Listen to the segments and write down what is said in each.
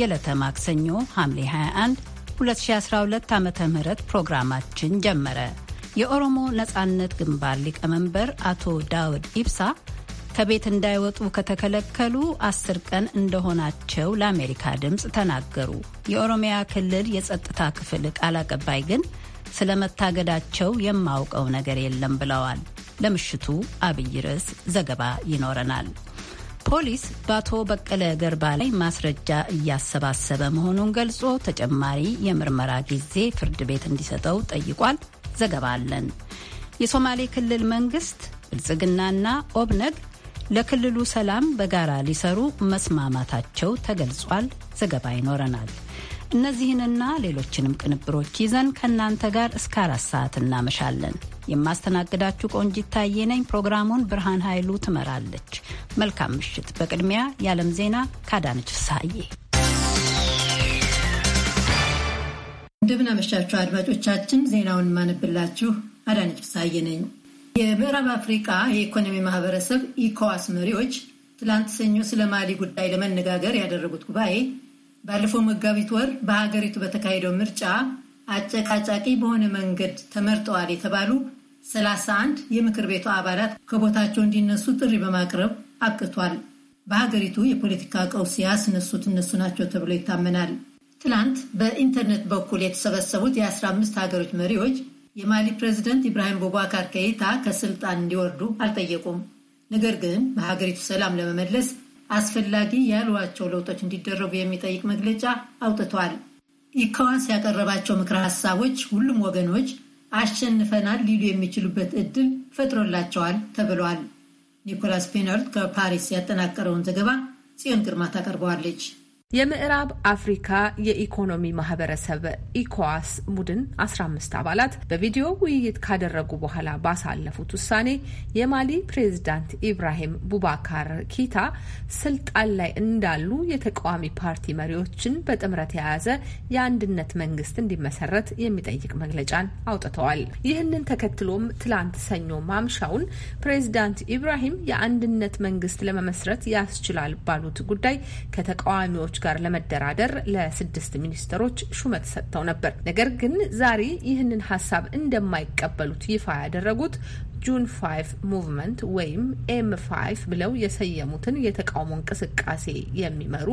የዕለተ ማክሰኞ ሐምሌ 21 2012 ዓ ም ፕሮግራማችን ጀመረ። የኦሮሞ ነጻነት ግንባር ሊቀመንበር አቶ ዳውድ ኢብሳ ከቤት እንዳይወጡ ከተከለከሉ አስር ቀን እንደሆናቸው ለአሜሪካ ድምፅ ተናገሩ። የኦሮሚያ ክልል የጸጥታ ክፍል ቃል አቀባይ ግን ስለ መታገዳቸው የማውቀው ነገር የለም ብለዋል። ለምሽቱ አብይ ርዕስ ዘገባ ይኖረናል። ፖሊስ በአቶ በቀለ ገርባ ላይ ማስረጃ እያሰባሰበ መሆኑን ገልጾ ተጨማሪ የምርመራ ጊዜ ፍርድ ቤት እንዲሰጠው ጠይቋል። ዘገባ አለን። የሶማሌ ክልል መንግስት ብልጽግናና ኦብነግ ለክልሉ ሰላም በጋራ ሊሰሩ መስማማታቸው ተገልጿል። ዘገባ ይኖረናል። እነዚህንና ሌሎችንም ቅንብሮች ይዘን ከእናንተ ጋር እስከ አራት ሰዓት እናመሻለን። የማስተናግዳችሁ ቆንጂት ታዬ ነኝ። ፕሮግራሙን ብርሃን ኃይሉ ትመራለች። መልካም ምሽት። በቅድሚያ የዓለም ዜና ካዳነች ፍስሐዬ። እንደምናመሻችሁ አድማጮቻችን፣ ዜናውን ማነብላችሁ አዳነች ፍስሐዬ ነኝ። የምዕራብ አፍሪቃ የኢኮኖሚ ማህበረሰብ ኢኮዋስ መሪዎች ትላንት ሰኞ ስለ ማሊ ጉዳይ ለመነጋገር ያደረጉት ጉባኤ ባለፈው መጋቢት ወር በሀገሪቱ በተካሄደው ምርጫ አጨቃጫቂ በሆነ መንገድ ተመርጠዋል የተባሉ 31 የምክር ቤቱ አባላት ከቦታቸው እንዲነሱ ጥሪ በማቅረብ አቅቷል። በሀገሪቱ የፖለቲካ ቀውስ ያስነሱት እነሱ ናቸው ተብሎ ይታመናል። ትላንት በኢንተርኔት በኩል የተሰበሰቡት የ15 ሀገሮች መሪዎች የማሊ ፕሬዚደንት ኢብራሂም ቦባካር ከይታ ከስልጣን እንዲወርዱ አልጠየቁም። ነገር ግን በሀገሪቱ ሰላም ለመመለስ አስፈላጊ ያሏቸው ለውጦች እንዲደረጉ የሚጠይቅ መግለጫ አውጥቷል። ኢካዋስ ያቀረባቸው ምክረ ሀሳቦች ሁሉም ወገኖች አሸንፈናል ሊሉ የሚችሉበት እድል ፈጥሮላቸዋል ተብሏል። ኒኮላስ ፔነርት ከፓሪስ ያጠናቀረውን ዘገባ ጽዮን ግርማ ታቀርበዋለች። የምዕራብ አፍሪካ የኢኮኖሚ ማህበረሰብ ኢኮዋስ ቡድን 15 አባላት በቪዲዮ ውይይት ካደረጉ በኋላ ባሳለፉት ውሳኔ የማሊ ፕሬዚዳንት ኢብራሂም ቡባካር ኪታ ስልጣን ላይ እንዳሉ የተቃዋሚ ፓርቲ መሪዎችን በጥምረት የያዘ የአንድነት መንግስት እንዲመሰረት የሚጠይቅ መግለጫን አውጥተዋል። ይህንን ተከትሎም ትላንት ሰኞ ማምሻውን ፕሬዚዳንት ኢብራሂም የአንድነት መንግስት ለመመስረት ያስችላል ባሉት ጉዳይ ከተቃዋሚዎች አካሎች ጋር ለመደራደር ለስድስት ሚኒስትሮች ሹመት ሰጥተው ነበር። ነገር ግን ዛሬ ይህንን ሀሳብ እንደማይቀበሉት ይፋ ያደረጉት ጁን ፋይቭ ሙቭመንት ወይም ኤም ፋይቭ ብለው የሰየሙትን የተቃውሞ እንቅስቃሴ የሚመሩ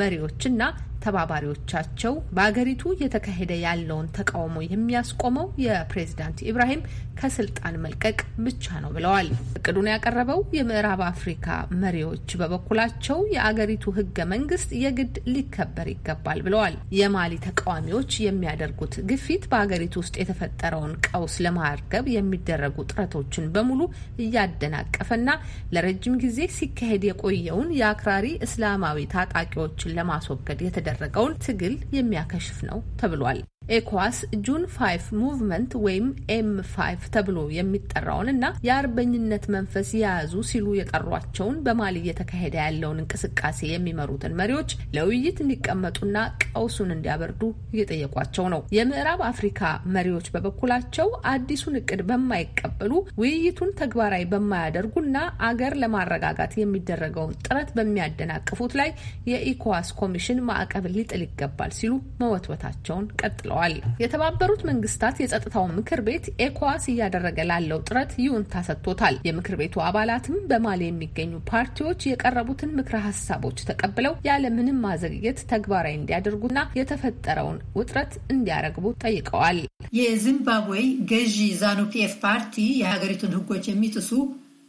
መሪዎችና ተባባሪዎቻቸው በአገሪቱ እየተካሄደ ያለውን ተቃውሞ የሚያስቆመው የፕሬዝዳንት ኢብራሂም ከስልጣን መልቀቅ ብቻ ነው ብለዋል። እቅዱን ያቀረበው የምዕራብ አፍሪካ መሪዎች በበኩላቸው የአገሪቱ ህገ መንግስት የግድ ሊከበር ይገባል ብለዋል። የማሊ ተቃዋሚዎች የሚያደርጉት ግፊት በአገሪቱ ውስጥ የተፈጠረውን ቀውስ ለማርገብ የሚደረጉ ጥረቶችን በሙሉ እያደናቀፈና ለረጅም ጊዜ ሲካሄድ የቆየውን የአክራሪ እስላማዊ ታጣቂዎችን ለማስወገድ የተደ የተደረገውን ትግል የሚያከሽፍ ነው ተብሏል። ኤኳስ ጁን ፋይፍ ሙቭመንት ወይም ኤም ፋይፍ ተብሎ የሚጠራውን እና የአርበኝነት መንፈስ የያዙ ሲሉ የጠሯቸውን በማሊ እየተካሄደ ያለውን እንቅስቃሴ የሚመሩትን መሪዎች ለውይይት እንዲቀመጡና ቀውሱን እንዲያበርዱ እየጠየቋቸው ነው። የምዕራብ አፍሪካ መሪዎች በበኩላቸው አዲሱን እቅድ በማይቀበሉ ውይይቱን ተግባራዊ በማያደርጉና አገር ለማረጋጋት የሚደረገውን ጥረት በሚያደናቅፉት ላይ የኢኮዋስ ኮሚሽን ማዕቀብ ሊጥል ይገባል ሲሉ መወትወታቸውን ቀጥለዋል። ገልጸዋል። የተባበሩት መንግስታት የጸጥታው ምክር ቤት ኤኳስ እያደረገ ላለው ጥረት ይሁንታ ሰጥቶታል። የምክር ቤቱ አባላትም በማሊ የሚገኙ ፓርቲዎች የቀረቡትን ምክረ ሀሳቦች ተቀብለው ያለምንም ማዘግየት ተግባራዊ እንዲያደርጉና የተፈጠረውን ውጥረት እንዲያረግቡ ጠይቀዋል። የዚምባብዌ ገዢ ዛኑ ፒኤፍ ፓርቲ የሀገሪቱን ህጎች የሚጥሱ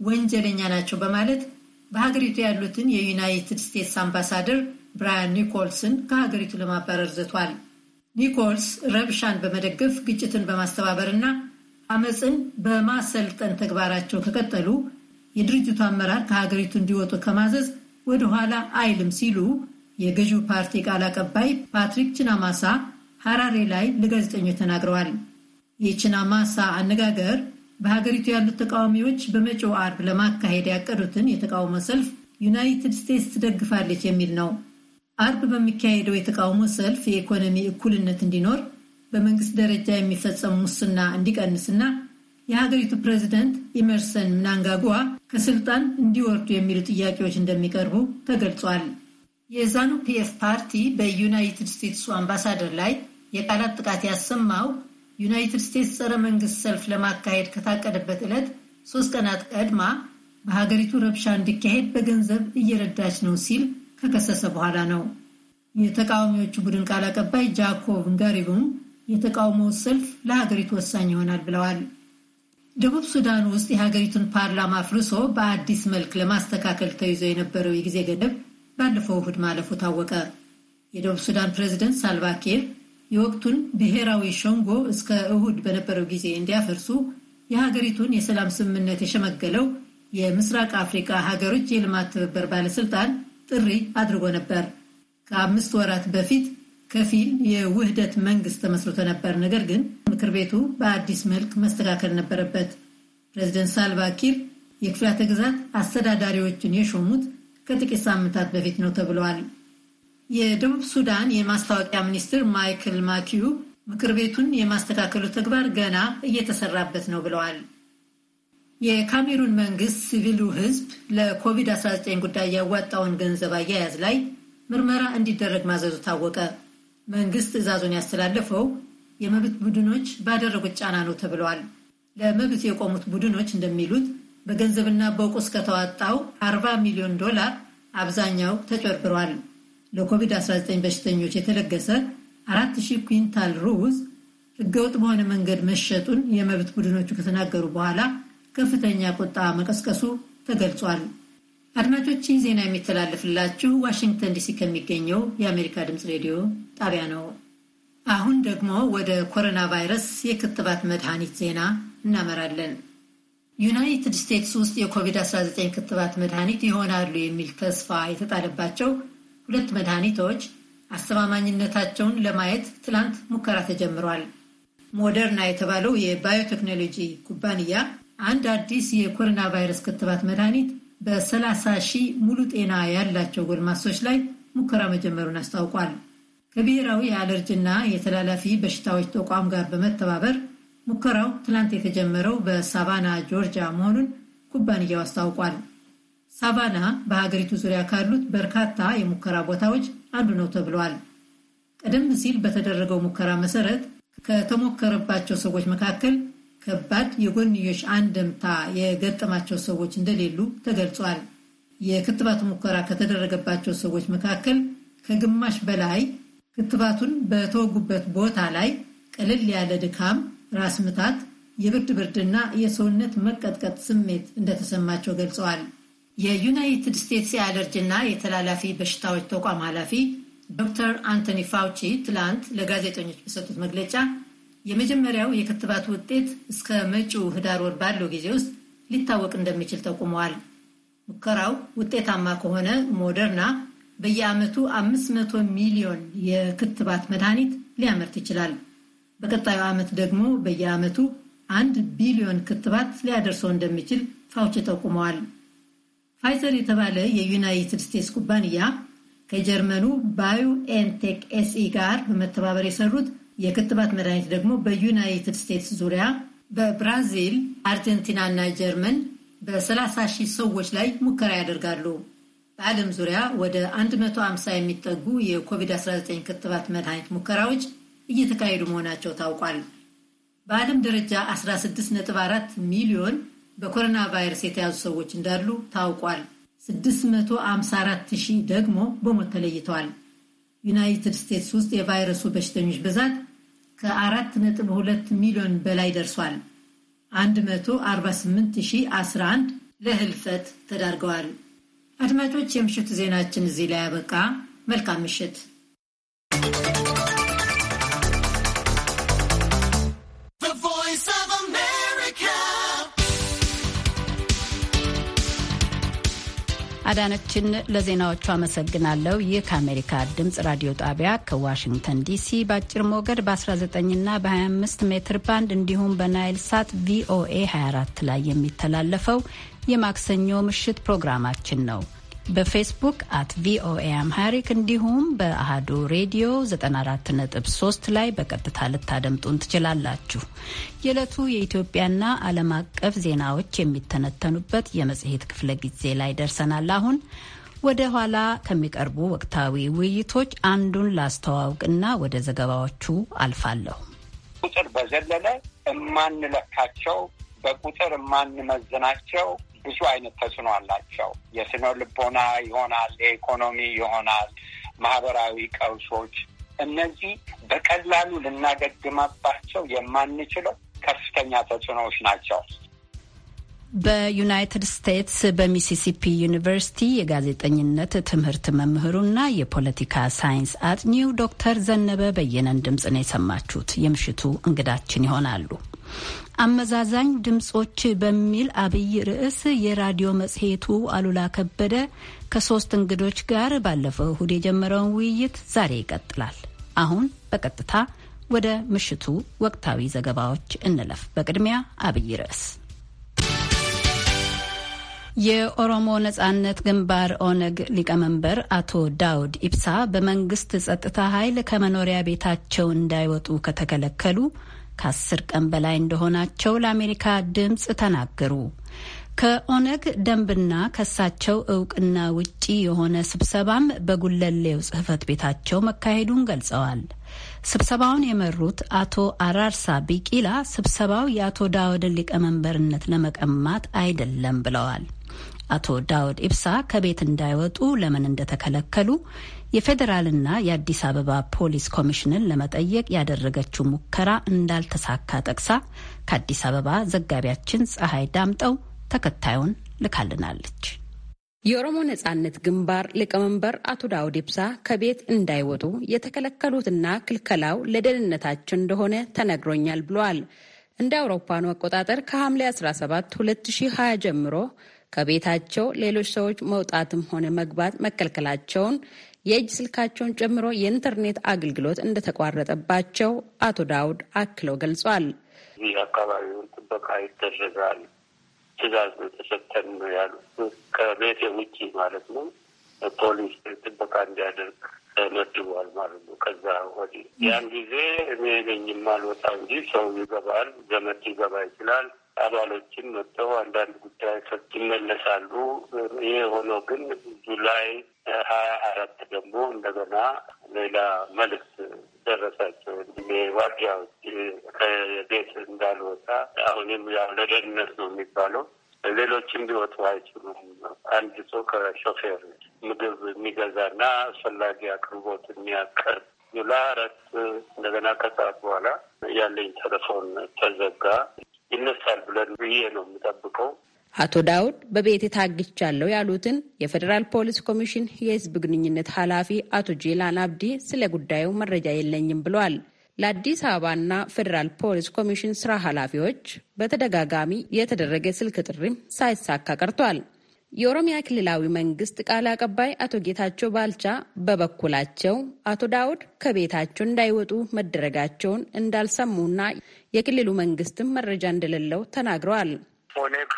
ወንጀለኛ ናቸው በማለት በሀገሪቱ ያሉትን የዩናይትድ ስቴትስ አምባሳደር ብራያን ኒኮልስን ከሀገሪቱ ለማባረር ዘቷል። ኒኮልስ ረብሻን በመደገፍ ግጭትን በማስተባበርና አመፅን በማሰልጠን ተግባራቸው ከቀጠሉ የድርጅቱ አመራር ከሀገሪቱ እንዲወጡ ከማዘዝ ወደኋላ አይልም ሲሉ የገዢው ፓርቲ ቃል አቀባይ ፓትሪክ ችናማሳ ሐራሬ ላይ ለጋዜጠኞች ተናግረዋል። የችናማሳ አነጋገር በሀገሪቱ ያሉት ተቃዋሚዎች በመጪው አርብ ለማካሄድ ያቀዱትን የተቃውሞ ሰልፍ ዩናይትድ ስቴትስ ትደግፋለች የሚል ነው። አርብ በሚካሄደው የተቃውሞ ሰልፍ የኢኮኖሚ እኩልነት እንዲኖር በመንግስት ደረጃ የሚፈጸሙ ሙስና እንዲቀንስና የሀገሪቱ ፕሬዚደንት ኢመርሰን ምናንጋጉዋ ከስልጣን እንዲወርዱ የሚሉ ጥያቄዎች እንደሚቀርቡ ተገልጿል። የዛኑ ፒኤፍ ፓርቲ በዩናይትድ ስቴትሱ አምባሳደር ላይ የቃላት ጥቃት ያሰማው ዩናይትድ ስቴትስ ጸረ መንግስት ሰልፍ ለማካሄድ ከታቀደበት ዕለት ሶስት ቀናት ቀድማ በሀገሪቱ ረብሻ እንዲካሄድ በገንዘብ እየረዳች ነው ሲል ከከሰሰ በኋላ ነው። የተቃዋሚዎቹ ቡድን ቃል አቀባይ ጃኮብ ንጋሪቡም የተቃውሞ ሰልፍ ለሀገሪቱ ወሳኝ ይሆናል ብለዋል። ደቡብ ሱዳን ውስጥ የሀገሪቱን ፓርላማ አፍርሶ በአዲስ መልክ ለማስተካከል ተይዞ የነበረው የጊዜ ገደብ ባለፈው እሁድ ማለፉ ታወቀ። የደቡብ ሱዳን ፕሬዚደንት ሳልቫኪር የወቅቱን ብሔራዊ ሸንጎ እስከ እሁድ በነበረው ጊዜ እንዲያፈርሱ የሀገሪቱን የሰላም ስምምነት የሸመገለው የምስራቅ አፍሪካ ሀገሮች የልማት ትብብር ባለስልጣን ጥሪ አድርጎ ነበር። ከአምስት ወራት በፊት ከፊል የውህደት መንግስት ተመስርቶ ነበር። ነገር ግን ምክር ቤቱ በአዲስ መልክ መስተካከል ነበረበት። ፕሬዚደንት ሳልቫ ኪር የክፍላተ ግዛት አስተዳዳሪዎችን የሾሙት ከጥቂት ሳምንታት በፊት ነው ተብለዋል። የደቡብ ሱዳን የማስታወቂያ ሚኒስትር ማይክል ማኪዩ ምክር ቤቱን የማስተካከሉ ተግባር ገና እየተሰራበት ነው ብለዋል። የካሜሩን መንግስት ሲቪሉ ህዝብ ለኮቪድ-19 ጉዳይ ያዋጣውን ገንዘብ አያያዝ ላይ ምርመራ እንዲደረግ ማዘዙ ታወቀ። መንግስት ትዕዛዙን ያስተላለፈው የመብት ቡድኖች ባደረጉት ጫና ነው ተብለዋል። ለመብት የቆሙት ቡድኖች እንደሚሉት በገንዘብና በቁስ ከተዋጣው 40 ሚሊዮን ዶላር አብዛኛው ተጨርብሯል። ለኮቪድ-19 በሽተኞች የተለገሰ 4000 ኩንታል ሩዝ ህገወጥ በሆነ መንገድ መሸጡን የመብት ቡድኖቹ ከተናገሩ በኋላ ከፍተኛ ቁጣ መቀስቀሱ ተገልጿል። አድማጮች ዜና የሚተላለፍላችሁ ዋሽንግተን ዲሲ ከሚገኘው የአሜሪካ ድምፅ ሬዲዮ ጣቢያ ነው። አሁን ደግሞ ወደ ኮሮና ቫይረስ የክትባት መድኃኒት ዜና እናመራለን። ዩናይትድ ስቴትስ ውስጥ የኮቪድ-19 ክትባት መድኃኒት ይሆናሉ የሚል ተስፋ የተጣለባቸው ሁለት መድኃኒቶች አስተማማኝነታቸውን ለማየት ትላንት ሙከራ ተጀምሯል። ሞደርና የተባለው የባዮቴክኖሎጂ ኩባንያ አንድ አዲስ የኮሮና ቫይረስ ክትባት መድኃኒት በ30 ሺህ ሙሉ ጤና ያላቸው ጎልማሶች ላይ ሙከራ መጀመሩን አስታውቋል። ከብሔራዊ የአለርጅና የተላላፊ በሽታዎች ተቋም ጋር በመተባበር ሙከራው ትላንት የተጀመረው በሳቫና ጆርጂያ መሆኑን ኩባንያው አስታውቋል። ሳቫና በሀገሪቱ ዙሪያ ካሉት በርካታ የሙከራ ቦታዎች አንዱ ነው ተብሏል። ቀደም ሲል በተደረገው ሙከራ መሰረት ከተሞከረባቸው ሰዎች መካከል ከባድ የጎንዮሽ አንድምታ የገጠማቸው ሰዎች እንደሌሉ ተገልጿል። የክትባት ሙከራ ከተደረገባቸው ሰዎች መካከል ከግማሽ በላይ ክትባቱን በተወጉበት ቦታ ላይ ቀለል ያለ ድካም፣ ራስ ምታት፣ የብርድ ብርድና የሰውነት መቀጥቀጥ ስሜት እንደተሰማቸው ገልጸዋል። የዩናይትድ ስቴትስ የአለርጅና የተላላፊ በሽታዎች ተቋም ኃላፊ ዶክተር አንቶኒ ፋውቺ ትላንት ለጋዜጠኞች በሰጡት መግለጫ የመጀመሪያው የክትባት ውጤት እስከ መጪው ህዳር ወር ባለው ጊዜ ውስጥ ሊታወቅ እንደሚችል ጠቁመዋል። ሙከራው ውጤታማ ከሆነ ሞደርና በየዓመቱ 500 ሚሊዮን የክትባት መድኃኒት ሊያመርት ይችላል። በቀጣዩ ዓመት ደግሞ በየዓመቱ አንድ ቢሊዮን ክትባት ሊያደርሰው እንደሚችል ፋውቺ ጠቁመዋል። ፋይዘር የተባለ የዩናይትድ ስቴትስ ኩባንያ ከጀርመኑ ባዮ ኤንቴክ ኤስኢ ጋር በመተባበር የሰሩት የክትባት መድኃኒት ደግሞ በዩናይትድ ስቴትስ ዙሪያ በብራዚል፣ አርጀንቲና እና ጀርመን በ30 ሺህ ሰዎች ላይ ሙከራ ያደርጋሉ። በዓለም ዙሪያ ወደ 150 የሚጠጉ የኮቪድ-19 ክትባት መድኃኒት ሙከራዎች እየተካሄዱ መሆናቸው ታውቋል። በዓለም ደረጃ 16.4 ሚሊዮን በኮሮና ቫይረስ የተያዙ ሰዎች እንዳሉ ታውቋል። 654 ሺህ ደግሞ በሞት ተለይተዋል። ዩናይትድ ስቴትስ ውስጥ የቫይረሱ በሽተኞች ብዛት ከአራት ነጥብ ሁለት ሚሊዮን በላይ ደርሷል። 148011 ለህልፈት ተዳርገዋል። አድማጮች፣ የምሽቱ ዜናችን እዚህ ላይ ያበቃ። መልካም ምሽት። አዳነችን ለዜናዎቹ አመሰግናለሁ። ይህ ከአሜሪካ ድምፅ ራዲዮ ጣቢያ ከዋሽንግተን ዲሲ በአጭር ሞገድ በ19ና በ25 ሜትር ባንድ እንዲሁም በናይል ሳት ቪኦኤ 24 ላይ የሚተላለፈው የማክሰኞ ምሽት ፕሮግራማችን ነው። በፌስቡክ አት ቪኦኤ አምሃሪክ እንዲሁም በአሃዱ ሬዲዮ 94.3 ላይ በቀጥታ ልታደምጡን ትችላላችሁ። የዕለቱ የኢትዮጵያና ዓለም አቀፍ ዜናዎች የሚተነተኑበት የመጽሔት ክፍለ ጊዜ ላይ ደርሰናል። አሁን ወደ ኋላ ከሚቀርቡ ወቅታዊ ውይይቶች አንዱን ላስተዋውቅና ወደ ዘገባዎቹ አልፋለሁ። ቁጥር በዘለለ የማንለካቸው በቁጥር የማንመዝናቸው ብዙ አይነት ተጽዕኖ አላቸው። የስነ ልቦና ይሆናል፣ የኢኮኖሚ ይሆናል፣ ማህበራዊ ቀውሶች። እነዚህ በቀላሉ ልናገግማባቸው የማንችለው ከፍተኛ ተጽዕኖዎች ናቸው። በዩናይትድ ስቴትስ በሚሲሲፒ ዩኒቨርሲቲ የጋዜጠኝነት ትምህርት መምህሩና የፖለቲካ ሳይንስ አጥኚው ዶክተር ዘነበ በየነን ድምፅ ነው የሰማችሁት። የምሽቱ እንግዳችን ይሆናሉ። አመዛዛኝ ድምጾች በሚል አብይ ርዕስ የራዲዮ መጽሔቱ አሉላ ከበደ ከሶስት እንግዶች ጋር ባለፈው እሁድ የጀመረውን ውይይት ዛሬ ይቀጥላል። አሁን በቀጥታ ወደ ምሽቱ ወቅታዊ ዘገባዎች እንለፍ። በቅድሚያ አብይ ርዕስ የኦሮሞ ነጻነት ግንባር ኦነግ ሊቀመንበር አቶ ዳውድ ኢብሳ በመንግስት ጸጥታ ኃይል ከመኖሪያ ቤታቸው እንዳይወጡ ከተከለከሉ ከአስር ቀን በላይ እንደሆናቸው ለአሜሪካ ድምፅ ተናገሩ። ከኦነግ ደንብና ከሳቸው እውቅና ውጪ የሆነ ስብሰባም በጉለሌው ጽህፈት ቤታቸው መካሄዱን ገልጸዋል። ስብሰባውን የመሩት አቶ አራርሳ ቢቂላ ስብሰባው የአቶ ዳውድን ሊቀመንበርነት ለመቀማት አይደለም ብለዋል። አቶ ዳውድ ኢብሳ ከቤት እንዳይወጡ ለምን እንደተከለከሉ የፌዴራልና የአዲስ አበባ ፖሊስ ኮሚሽንን ለመጠየቅ ያደረገችው ሙከራ እንዳልተሳካ ጠቅሳ ከአዲስ አበባ ዘጋቢያችን ፀሐይ ዳምጠው ተከታዩን ልካልናለች። የኦሮሞ ነጻነት ግንባር ሊቀመንበር አቶ ዳውድ ኢብሳ ከቤት እንዳይወጡ የተከለከሉትና ክልከላው ለደህንነታቸው እንደሆነ ተነግሮኛል ብለዋል። እንደ አውሮፓኑ አቆጣጠር ከሐምሌ 17 2020 ጀምሮ ከቤታቸው ሌሎች ሰዎች መውጣትም ሆነ መግባት መከልከላቸውን የእጅ ስልካቸውን ጨምሮ የኢንተርኔት አገልግሎት እንደተቋረጠባቸው አቶ ዳውድ አክለው ገልጿል። ይህ አካባቢውን ጥበቃ ይደረጋል፣ ትዛዝ ተሰጥተን ነው ያሉት። ከቤት ውጭ ማለት ነው ፖሊስ ጥበቃ እንዲያደርግ ተመድቧል ማለት ነው። ከዛ ወዲህ ያን ጊዜ እኔ ነኝ የማልወጣ እንጂ ሰው ይገባል፣ ዘመድ ይገባ ይችላል። አባሎችን መጥተው አንዳንድ ጉዳይ ሰት ይመለሳሉ። ይህ ሆኖ ግን ጁላይ ሀያ አራት ደግሞ እንደገና ሌላ መልስ ደረሳቸው። ዋርዲያዎች ከቤት እንዳልወጣ አሁንም ያው ለደህንነት ነው የሚባለው ሌሎችም ሊወጡ አይችሉም። አንድ ሰው ከሾፌር ምግብ የሚገዛና አስፈላጊ አቅርቦት የሚያቀርብ ዩላ እንደገና ከሰዓት በኋላ ያለኝ ቴሌፎን ተዘጋ። ይነሳል ብለን ብዬ ነው የምጠብቀው። አቶ ዳውድ በቤት ታግቻለሁ ያሉትን የፌዴራል ፖሊስ ኮሚሽን የህዝብ ግንኙነት ኃላፊ አቶ ጄላን አብዲ ስለ ጉዳዩ መረጃ የለኝም ብሏል። ለአዲስ አበባና ፌዴራል ፖሊስ ኮሚሽን ስራ ኃላፊዎች በተደጋጋሚ የተደረገ ስልክ ጥሪም ሳይሳካ ቀርቷል። የኦሮሚያ ክልላዊ መንግስት ቃል አቀባይ አቶ ጌታቸው ባልቻ በበኩላቸው አቶ ዳውድ ከቤታቸው እንዳይወጡ መደረጋቸውን እንዳልሰሙና የክልሉ መንግስትም መረጃ እንደሌለው ተናግረዋል። ኦነግ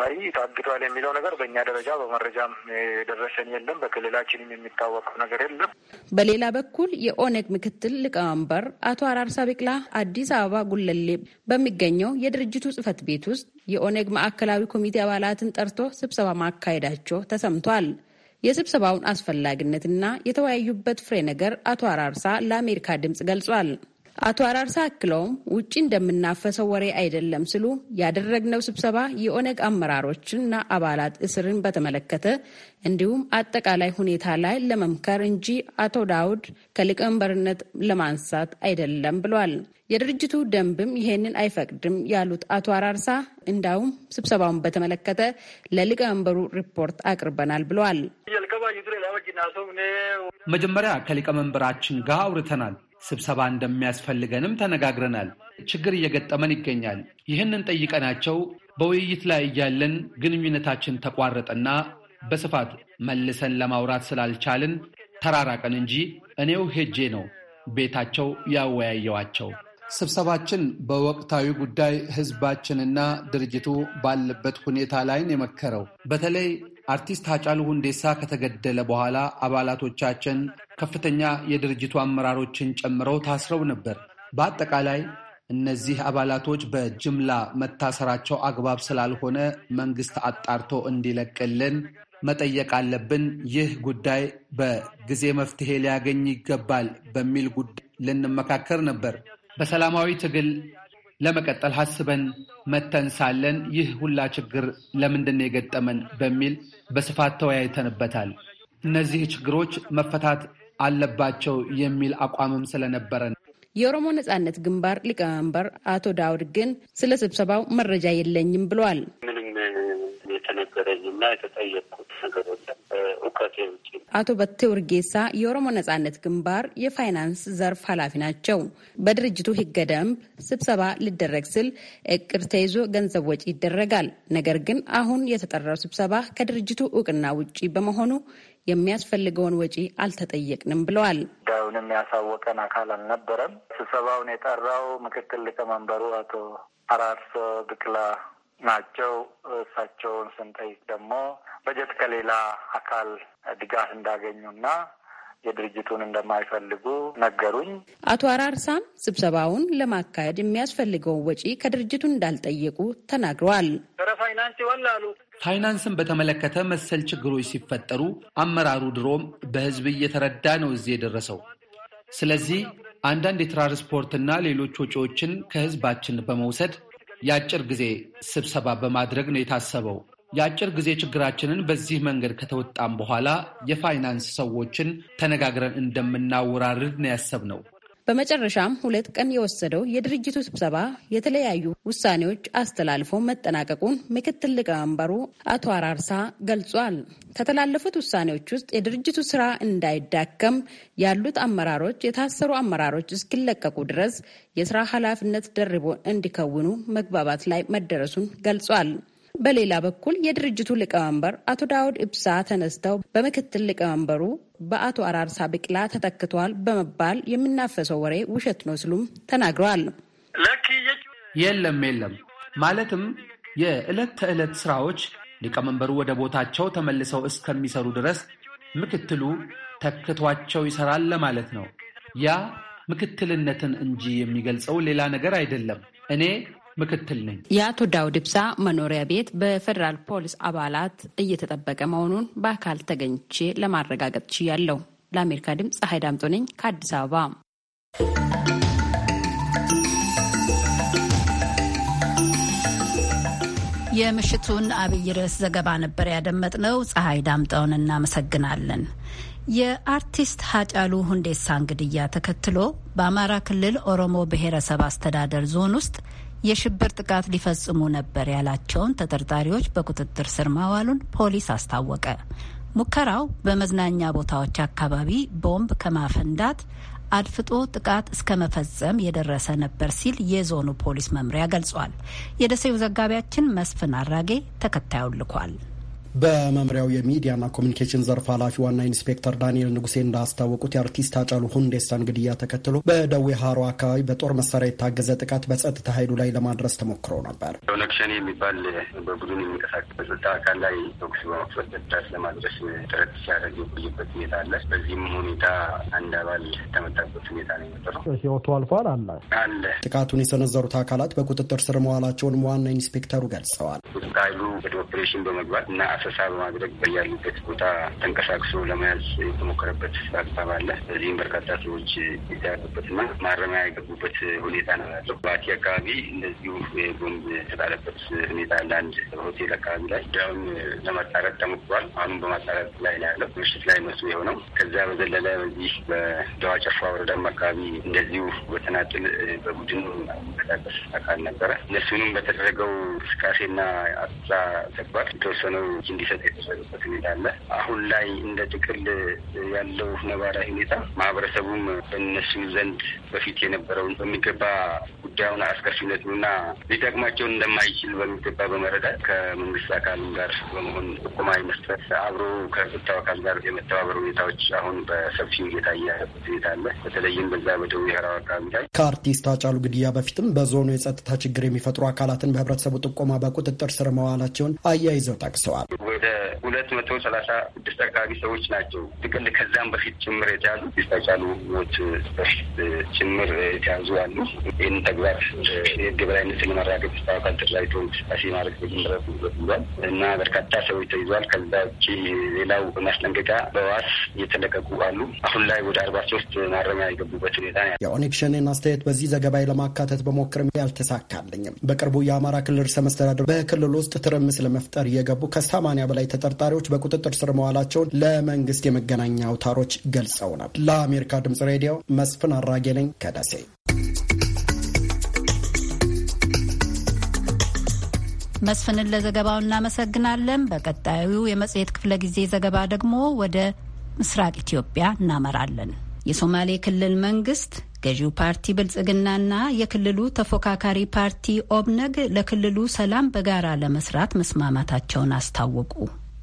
መሪ ታግዷል የሚለው ነገር በእኛ ደረጃ በመረጃም የደረሰን የለም። በክልላችንም የሚታወቀው ነገር የለም። በሌላ በኩል የኦነግ ምክትል ሊቀመንበር አቶ አራርሳ ቢቅላ አዲስ አበባ ጉለሌ በሚገኘው የድርጅቱ ጽህፈት ቤት ውስጥ የኦነግ ማዕከላዊ ኮሚቴ አባላትን ጠርቶ ስብሰባ ማካሄዳቸው ተሰምቷል። የስብሰባውን አስፈላጊነትና የተወያዩበት ፍሬ ነገር አቶ አራርሳ ለአሜሪካ ድምጽ ገልጿል። አቶ አራርሳ አክለውም ውጪ እንደምናፈሰው ወሬ አይደለም ሲሉ ያደረግነው ስብሰባ የኦነግ አመራሮችና አባላት እስርን በተመለከተ እንዲሁም አጠቃላይ ሁኔታ ላይ ለመምከር እንጂ አቶ ዳውድ ከሊቀመንበርነት ለማንሳት አይደለም ብሏል። የድርጅቱ ደንብም ይሄንን አይፈቅድም ያሉት አቶ አራርሳ እንዳውም ስብሰባውን በተመለከተ ለሊቀመንበሩ ሪፖርት አቅርበናል ብለዋል። መጀመሪያ ከሊቀመንበራችን ጋር አውርተናል። ስብሰባ እንደሚያስፈልገንም ተነጋግረናል። ችግር እየገጠመን ይገኛል። ይህንን ጠይቀናቸው በውይይት ላይ እያለን ግንኙነታችን ተቋረጠና በስፋት መልሰን ለማውራት ስላልቻልን ተራራቀን እንጂ እኔው ሄጄ ነው ቤታቸው ያወያየዋቸው። ስብሰባችን በወቅታዊ ጉዳይ ህዝባችንና ድርጅቱ ባለበት ሁኔታ ላይን የመከረው። በተለይ አርቲስት ሃጫሉ ሁንዴሳ ከተገደለ በኋላ አባላቶቻችን ከፍተኛ የድርጅቱ አመራሮችን ጨምረው ታስረው ነበር። በአጠቃላይ እነዚህ አባላቶች በጅምላ መታሰራቸው አግባብ ስላልሆነ መንግስት አጣርቶ እንዲለቅልን መጠየቅ አለብን። ይህ ጉዳይ በጊዜ መፍትሄ ሊያገኝ ይገባል በሚል ጉዳይ ልንመካከር ነበር። በሰላማዊ ትግል ለመቀጠል ሀስበን መተን ሳለን ይህ ሁላ ችግር ለምንድን ነው የገጠመን በሚል በስፋት ተወያይተንበታል። እነዚህ ችግሮች መፈታት አለባቸው የሚል አቋምም ስለነበረን የኦሮሞ ነጻነት ግንባር ሊቀመንበር አቶ ዳውድ ግን ስለ ስብሰባው መረጃ የለኝም ብለዋል። ምንም የተነገረኝና የተጠየቅኩት ነገር እውቀት ውጭ። አቶ በቴ ውርጌሳ የኦሮሞ ነጻነት ግንባር የፋይናንስ ዘርፍ ኃላፊ ናቸው። በድርጅቱ ህገ ደንብ ስብሰባ ሊደረግ ስል እቅድ ተይዞ ገንዘብ ወጪ ይደረጋል። ነገር ግን አሁን የተጠራው ስብሰባ ከድርጅቱ እውቅና ውጪ በመሆኑ የሚያስፈልገውን ወጪ አልተጠየቅንም ብለዋል። ጉዳዩን የሚያሳወቀን አካል አልነበረም። ስብሰባውን የጠራው ምክትል ሊቀመንበሩ አቶ አራርሶ ብቅላ ናቸው። እሳቸውን ስንጠይቅ ደግሞ በጀት ከሌላ አካል ድጋፍ እንዳገኙና የድርጅቱን እንደማይፈልጉ ነገሩኝ። አቶ አራርሳም ስብሰባውን ለማካሄድ የሚያስፈልገውን ወጪ ከድርጅቱ እንዳልጠየቁ ተናግረዋል። ፋይናንስን በተመለከተ መሰል ችግሮች ሲፈጠሩ አመራሩ ድሮም በህዝብ እየተረዳ ነው እዚህ የደረሰው። ስለዚህ አንዳንድ የትራንስፖርትና ሌሎች ወጪዎችን ከህዝባችን በመውሰድ የአጭር ጊዜ ስብሰባ በማድረግ ነው የታሰበው። የአጭር ጊዜ ችግራችንን በዚህ መንገድ ከተወጣም በኋላ የፋይናንስ ሰዎችን ተነጋግረን እንደምናወራርድ ነው ያሰብነው። በመጨረሻም ሁለት ቀን የወሰደው የድርጅቱ ስብሰባ የተለያዩ ውሳኔዎች አስተላልፎ መጠናቀቁን ምክትል ሊቀመንበሩ አቶ አራርሳ ገልጿል። ከተላለፉት ውሳኔዎች ውስጥ የድርጅቱ ስራ እንዳይዳከም ያሉት አመራሮች የታሰሩ አመራሮች እስኪለቀቁ ድረስ የስራ ኃላፊነት ደርቦ እንዲከውኑ መግባባት ላይ መደረሱን ገልጿል። በሌላ በኩል የድርጅቱ ሊቀመንበር አቶ ዳውድ ኢብሳ ተነስተው በምክትል ሊቀመንበሩ በአቶ አራርሳ ብቅላ ተተክቷል በመባል የሚናፈሰው ወሬ ውሸት ነው ሲሉም ተናግረዋል። የለም የለም፣ ማለትም የዕለት ተዕለት ስራዎች ሊቀመንበሩ ወደ ቦታቸው ተመልሰው እስከሚሰሩ ድረስ ምክትሉ ተክቷቸው ይሰራል ለማለት ነው። ያ ምክትልነትን እንጂ የሚገልጸው ሌላ ነገር አይደለም። እኔ ምክትል ነኝ። የአቶ ዳውድ ብሳ መኖሪያ ቤት በፌዴራል ፖሊስ አባላት እየተጠበቀ መሆኑን በአካል ተገኝቼ ለማረጋገጥ ችያለሁ። ለአሜሪካ ድምፅ ፀሐይ ዳምጦ ነኝ ከአዲስ አበባ። የምሽቱን አብይ ርዕስ ዘገባ ነበር ያደመጥነው። ፀሐይ ዳምጠውን እናመሰግናለን። የአርቲስት ሀጫሉ ሁንዴሳን ግድያ ተከትሎ በአማራ ክልል ኦሮሞ ብሔረሰብ አስተዳደር ዞን ውስጥ የሽብር ጥቃት ሊፈጽሙ ነበር ያላቸውን ተጠርጣሪዎች በቁጥጥር ስር ማዋሉን ፖሊስ አስታወቀ። ሙከራው በመዝናኛ ቦታዎች አካባቢ ቦምብ ከማፈንዳት አድፍጦ ጥቃት እስከ መፈጸም የደረሰ ነበር ሲል የዞኑ ፖሊስ መምሪያ ገልጿል። የደሴው ዘጋቢያችን መስፍን አራጌ ተከታዩን ልኳል። በመምሪያው የሚዲያና ኮሚኒኬሽን ዘርፍ ኃላፊ ዋና ኢንስፔክተር ዳንኤል ንጉሴ እንዳስታወቁት የአርቲስት አጫሉ ሁንዴሳን ግድያ ተከትሎ በደዌ ሀሮ አካባቢ በጦር መሳሪያ የታገዘ ጥቃት በጸጥታ ኃይሉ ላይ ለማድረስ ተሞክሮ ነበር። ኦነግ ሸኔ የሚባል በቡድን የሚንቀሳቀስ በጸጥታ አካል ላይ ተኩስ በመክፈት ጥቃት ለማድረስ ጥረት ሲያደርግ የቆየበት ሁኔታ አለ። በዚህም ሁኔታ አንድ አባል የተመታበት ሁኔታ ነው የነበረው። ህይወቱ አልፏል አለ አለ። ጥቃቱን የሰነዘሩት አካላት በቁጥጥር ስር መዋላቸውን ዋና ኢንስፔክተሩ ገልጸዋል። ጸጥታ ኃይሉ ወደ ኦፕሬሽን በመግባት እና ዳሰሳ በማድረግ በያሉበት ቦታ ተንቀሳቅሶ ለመያዝ የተሞከረበት አግባብ አለ። በዚህም በርካታ ሰዎች የተያዙበትና ማረሚያ የገቡበት ሁኔታ ነው ያለው። ባቲ አካባቢ እንደዚሁ ቦምብ የተጣለበት ሁኔታ አለ። አንድ ሆቴል አካባቢ ላይ ዳውን ለማጣረቅ ተሞክሯል። አሁንም በማጣረቅ ላይ ነው ያለው። ምሽት ላይ መስ የሆነው ከዚያ በዘለለ በዚህ በደዋ ጨፋ ወረዳም አካባቢ እንደዚሁ በተናጥል በቡድን የሚንቀሳቀስ አካል ነበረ። እነሱንም በተደረገው እንቅስቃሴና አሳ ተግባር የተወሰነው እንዲሰጥ የተሰሩበት ሁኔታ አለ። አሁን ላይ እንደ ጥቅል ያለው ነባራዊ ሁኔታ ማህበረሰቡም በእነሱ ዘንድ በፊት የነበረውን በሚገባ ጉዳዩን አስከፊነቱና ሊጠቅማቸውን እንደማይችል በሚገባ በመረዳት ከመንግስት አካልም ጋር በመሆን ጥቆማ መስጠት አብሮ ከፍታው አካል ጋር የመተባበር ሁኔታዎች አሁን በሰፊው እየታየ ያለበት ሁኔታ አለ። በተለይም በዛ በደቡብ ሄራው አካባቢ ላይ ከአርቲስት አጫሉ ግድያ በፊትም በዞኑ የጸጥታ ችግር የሚፈጥሩ አካላትን በህብረተሰቡ ጥቆማ በቁጥጥር ስር መዋላቸውን አያይዘው ጠቅሰዋል። ወደ ሁለት መቶ ሰላሳ ስድስት አካባቢ ሰዎች ናቸው ጥቅል ከዛም በፊት ጭምር የተያዙ ስታቻሉ ሞት በፊት ጭምር የተያዙ አሉ። ይህን ተግባር የህግ የበላይነት ለማረጋገጥ ስታወካል ጠቅላይ ቶ እንቅስቃሴ ማድረግ በጀመረ ብሏል እና በርካታ ሰዎች ተይዟል። ከዛ ውጭ ሌላው ማስጠንቀቂያ በዋስ እየተለቀቁ አሉ። አሁን ላይ ወደ አርባ ሶስት ማረሚያ የገቡበት ሁኔታ ነው። የኦነግ ሸኔን አስተያየት በዚህ ዘገባ ለማካተት በሞክርም ያልተሳካልኝም። በቅርቡ የአማራ ክልል ርዕሰ መስተዳድር በክልል ውስጥ ትርምስ ለመፍጠር እየገቡ ከስታ ከሰማንያ በላይ ተጠርጣሪዎች በቁጥጥር ስር መዋላቸውን ለመንግስት የመገናኛ አውታሮች ገልጸውናል። ለአሜሪካ ድምጽ ሬዲዮ መስፍን አራጌ ነኝ ከደሴ። መስፍንን ለዘገባው እናመሰግናለን። በቀጣዩ የመጽሔት ክፍለ ጊዜ ዘገባ ደግሞ ወደ ምስራቅ ኢትዮጵያ እናመራለን። የሶማሌ ክልል መንግስት ገዢው ፓርቲ ብልጽግናና የክልሉ ተፎካካሪ ፓርቲ ኦብነግ ለክልሉ ሰላም በጋራ ለመስራት መስማማታቸውን አስታወቁ።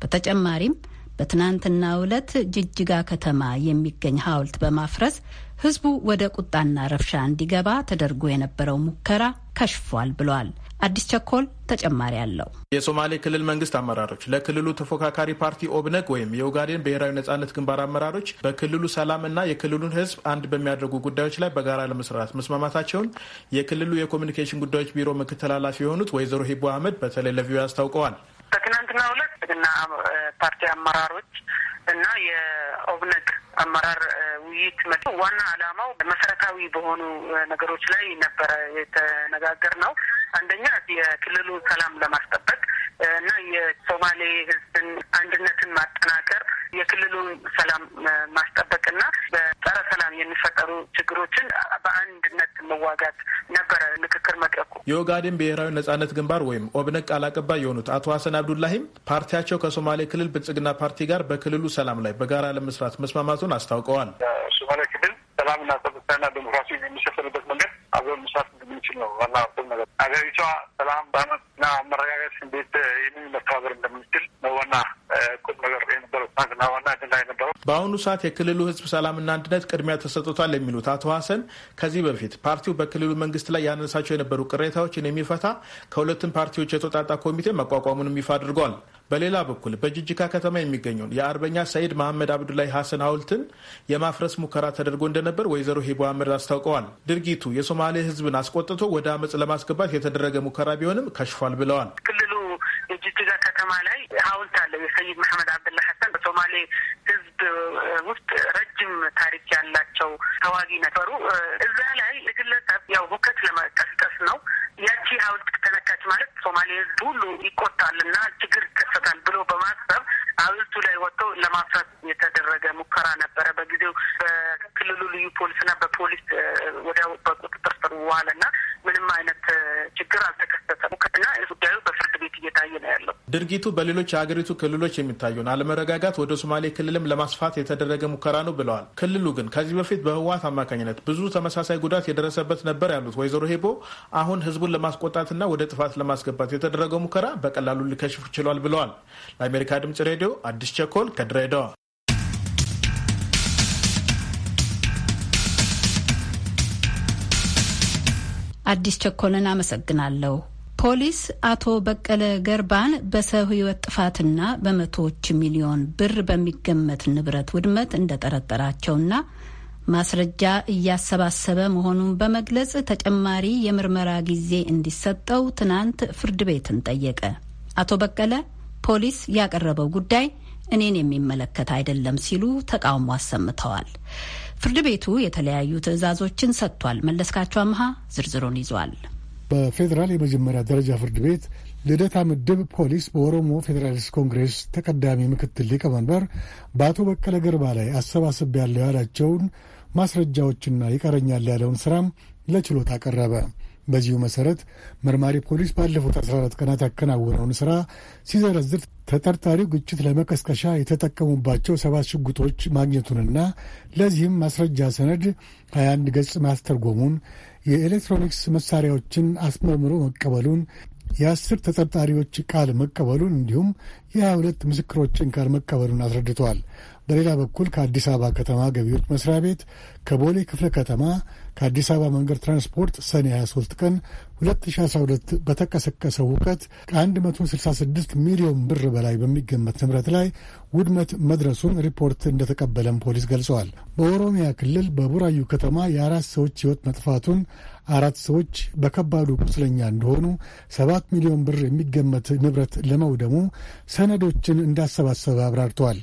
በተጨማሪም በትናንትና ዕለት ጅጅጋ ከተማ የሚገኝ ሐውልት በማፍረስ ህዝቡ ወደ ቁጣና ረብሻ እንዲገባ ተደርጎ የነበረው ሙከራ ከሽፏል ብሏል። አዲስ ቸኮል ተጨማሪ አለው። የሶማሌ ክልል መንግስት አመራሮች ለክልሉ ተፎካካሪ ፓርቲ ኦብነግ ወይም የኦጋዴን ብሔራዊ ነጻነት ግንባር አመራሮች በክልሉ ሰላም እና የክልሉን ሕዝብ አንድ በሚያደርጉ ጉዳዮች ላይ በጋራ ለመስራት መስማማታቸውን የክልሉ የኮሚኒኬሽን ጉዳዮች ቢሮ ምክትል ኃላፊ የሆኑት ወይዘሮ ሂቦ አህመድ በተለይ ለቪዮ አስታውቀዋል። በትናንትና ሁለት ብልጽግና ፓርቲ አመራሮች እና የኦብነግ አመራር ውይይት መ ዋና ዓላማው መሰረታዊ በሆኑ ነገሮች ላይ ነበረ የተነጋገር ነው። አንደኛ የክልሉ ሰላም ለማስጠበቅ እና የሶማሌ ህዝብን አንድነትን ማጠናከር የክልሉን ሰላም ማስጠበቅና በጸረ ሰላም የሚፈጠሩ ችግሮችን በአንድነት መዋጋት ነበረ ምክክር መድረኩ። የኦጋዴን ብሔራዊ ነጻነት ግንባር ወይም ኦብነግ ቃል አቀባይ የሆኑት አቶ ሀሰን አብዱላሂም ፓርቲያቸው ከሶማሌ ክልል ብልጽግና ፓርቲ ጋር በክልሉ ሰላም ላይ በጋራ ለመስራት መስማማቱን አስታውቀዋል። ሶማሌ ክልል ሰላምና ጸጥታና ዲሞክራሲ የሚሰፈንበት መንገድ አብሮ መስራት እንደምንችል ነው ዋና ቁም ነገር። አገሪቷ ሰላም በአመት እና መረጋጋት እንዴት ይህንን መተባበር እንደምንችል ነው ዋና ቁም ነገር የነበረው ትናንትና ዋና አጀንዳ የነበረው። በአሁኑ ሰዓት የክልሉ ህዝብ ሰላምና አንድነት ቅድሚያ ተሰጥቷል የሚሉት አቶ ሀሰን ከዚህ በፊት ፓርቲው በክልሉ መንግስት ላይ ያነሳቸው የነበሩ ቅሬታዎችን የሚፈታ ከሁለቱም ፓርቲዎች የተውጣጣ ኮሚቴ መቋቋሙንም ይፋ አድርጓል። በሌላ በኩል በጅጅካ ከተማ የሚገኘውን የአርበኛ ሰይድ መሐመድ አብዱላይ ሐሰን ሐውልትን የማፍረስ ሙከራ ተደርጎ እንደነበር ወይዘሮ ሂቦ አምር አስታውቀዋል። ድርጊቱ የሶማሌ ሕዝብን አስቆጥቶ ወደ አመፅ ለማስገባት የተደረገ ሙከራ ቢሆንም ከሽፏል ብለዋል። ክልሉ የጅጅጋ ከተማ ላይ ሐውልት አለ የሰይድ መሐመድ አብደላ ሐሰን በሶማሌ ሕዝብ ውስጥ ረጅም ታሪክ ያላቸው ተዋጊ ነበሩ። እዛ ላይ ግለሰብ ያው ሁከት ለመቀስቀስ ነው። ያቺ ሐውልት ተነካች ማለት ሶማሌ ሕዝብ ሁሉ ይቆጣል እና ችግር ይከሰታል ብሎ በማሰብ ሐውልቱ ላይ ወጥተው ለማፍረስ የተደረገ ሙከራ ነበረ። በጊዜው በክልሉ ልዩ ፖሊስና በፖሊስ ወዲያው በቁጥጥር ስር ዋለና ምንም አይነት ችግር አልተከሰተም እና ጉዳዩ በፍርድ ቤት እየታየ ነው ያለው። ድርጊቱ በሌሎች የሀገሪቱ ክልሎች የሚታየውን አለመረጋጋት ወደ ሶማሌ ክልልም ለማስፋት የተደረገ ሙከራ ነው ብለዋል። ክልሉ ግን ከዚህ በፊት በህወሀት አማካኝነት ብዙ ተመሳሳይ ጉዳት የደረሰበት ነበር ያሉት ወይዘሮ ሄቦ አሁን ህዝቡን ለማስቆጣትና ወደ ጥፋት ለማስገባት የተደረገው ሙከራ በቀላሉ ሊከሽፍ ችሏል ብለዋል። ለአሜሪካ ድምጽ ሬዲዮ አዲስ ቸኮል ከድሬዳዋ። አዲስ ቸኮልን አመሰግናለሁ። ፖሊስ አቶ በቀለ ገርባን በሰው ሕይወት ጥፋትና በመቶዎች ሚሊዮን ብር በሚገመት ንብረት ውድመት እንደጠረጠራቸውና ማስረጃ እያሰባሰበ መሆኑን በመግለጽ ተጨማሪ የምርመራ ጊዜ እንዲሰጠው ትናንት ፍርድ ቤትን ጠየቀ። አቶ በቀለ ፖሊስ ያቀረበው ጉዳይ እኔን የሚመለከት አይደለም ሲሉ ተቃውሞ አሰምተዋል። ፍርድ ቤቱ የተለያዩ ትዕዛዞችን ሰጥቷል። መለስካቸው አምሃ ዝርዝሩን ይዟል። በፌዴራል የመጀመሪያ ደረጃ ፍርድ ቤት ልደታ ምድብ ፖሊስ በኦሮሞ ፌዴራሊስት ኮንግሬስ ተቀዳሚ ምክትል ሊቀመንበር በአቶ በቀለ ገርባ ላይ አሰባስብ ያለው ያላቸውን ማስረጃዎችና ይቀረኛል ያለውን ስራም ለችሎት አቀረበ። በዚሁ መሰረት መርማሪ ፖሊስ ባለፉት 14 ቀናት ያከናወነውን ስራ ሲዘረዝር ተጠርጣሪው ግጭት ለመቀስቀሻ የተጠቀሙባቸው ሰባት ሽጉጦች ማግኘቱንና ለዚህም ማስረጃ ሰነድ 21 ገጽ ማስተርጎሙን የኤሌክትሮኒክስ መሳሪያዎችን አስመርምሮ መቀበሉን የአስር ተጠርጣሪዎች ቃል መቀበሉን እንዲሁም የሀያ ሁለት ምስክሮችን ቃል መቀበሉን አስረድተዋል። በሌላ በኩል ከአዲስ አበባ ከተማ ገቢዎች መስሪያ ቤት፣ ከቦሌ ክፍለ ከተማ፣ ከአዲስ አበባ መንገድ ትራንስፖርት ሰኔ 23 ቀን 2012 በተቀሰቀሰው እውቀት ከ166 ሚሊዮን ብር በላይ በሚገመት ንብረት ላይ ውድመት መድረሱን ሪፖርት እንደተቀበለም ፖሊስ ገልጸዋል። በኦሮሚያ ክልል በቡራዩ ከተማ የአራት ሰዎች ሕይወት መጥፋቱን፣ አራት ሰዎች በከባዱ ቁስለኛ እንደሆኑ፣ ሰባት ሚሊዮን ብር የሚገመት ንብረት ለመውደሙ ሰነዶችን እንዳሰባሰበ አብራርተዋል።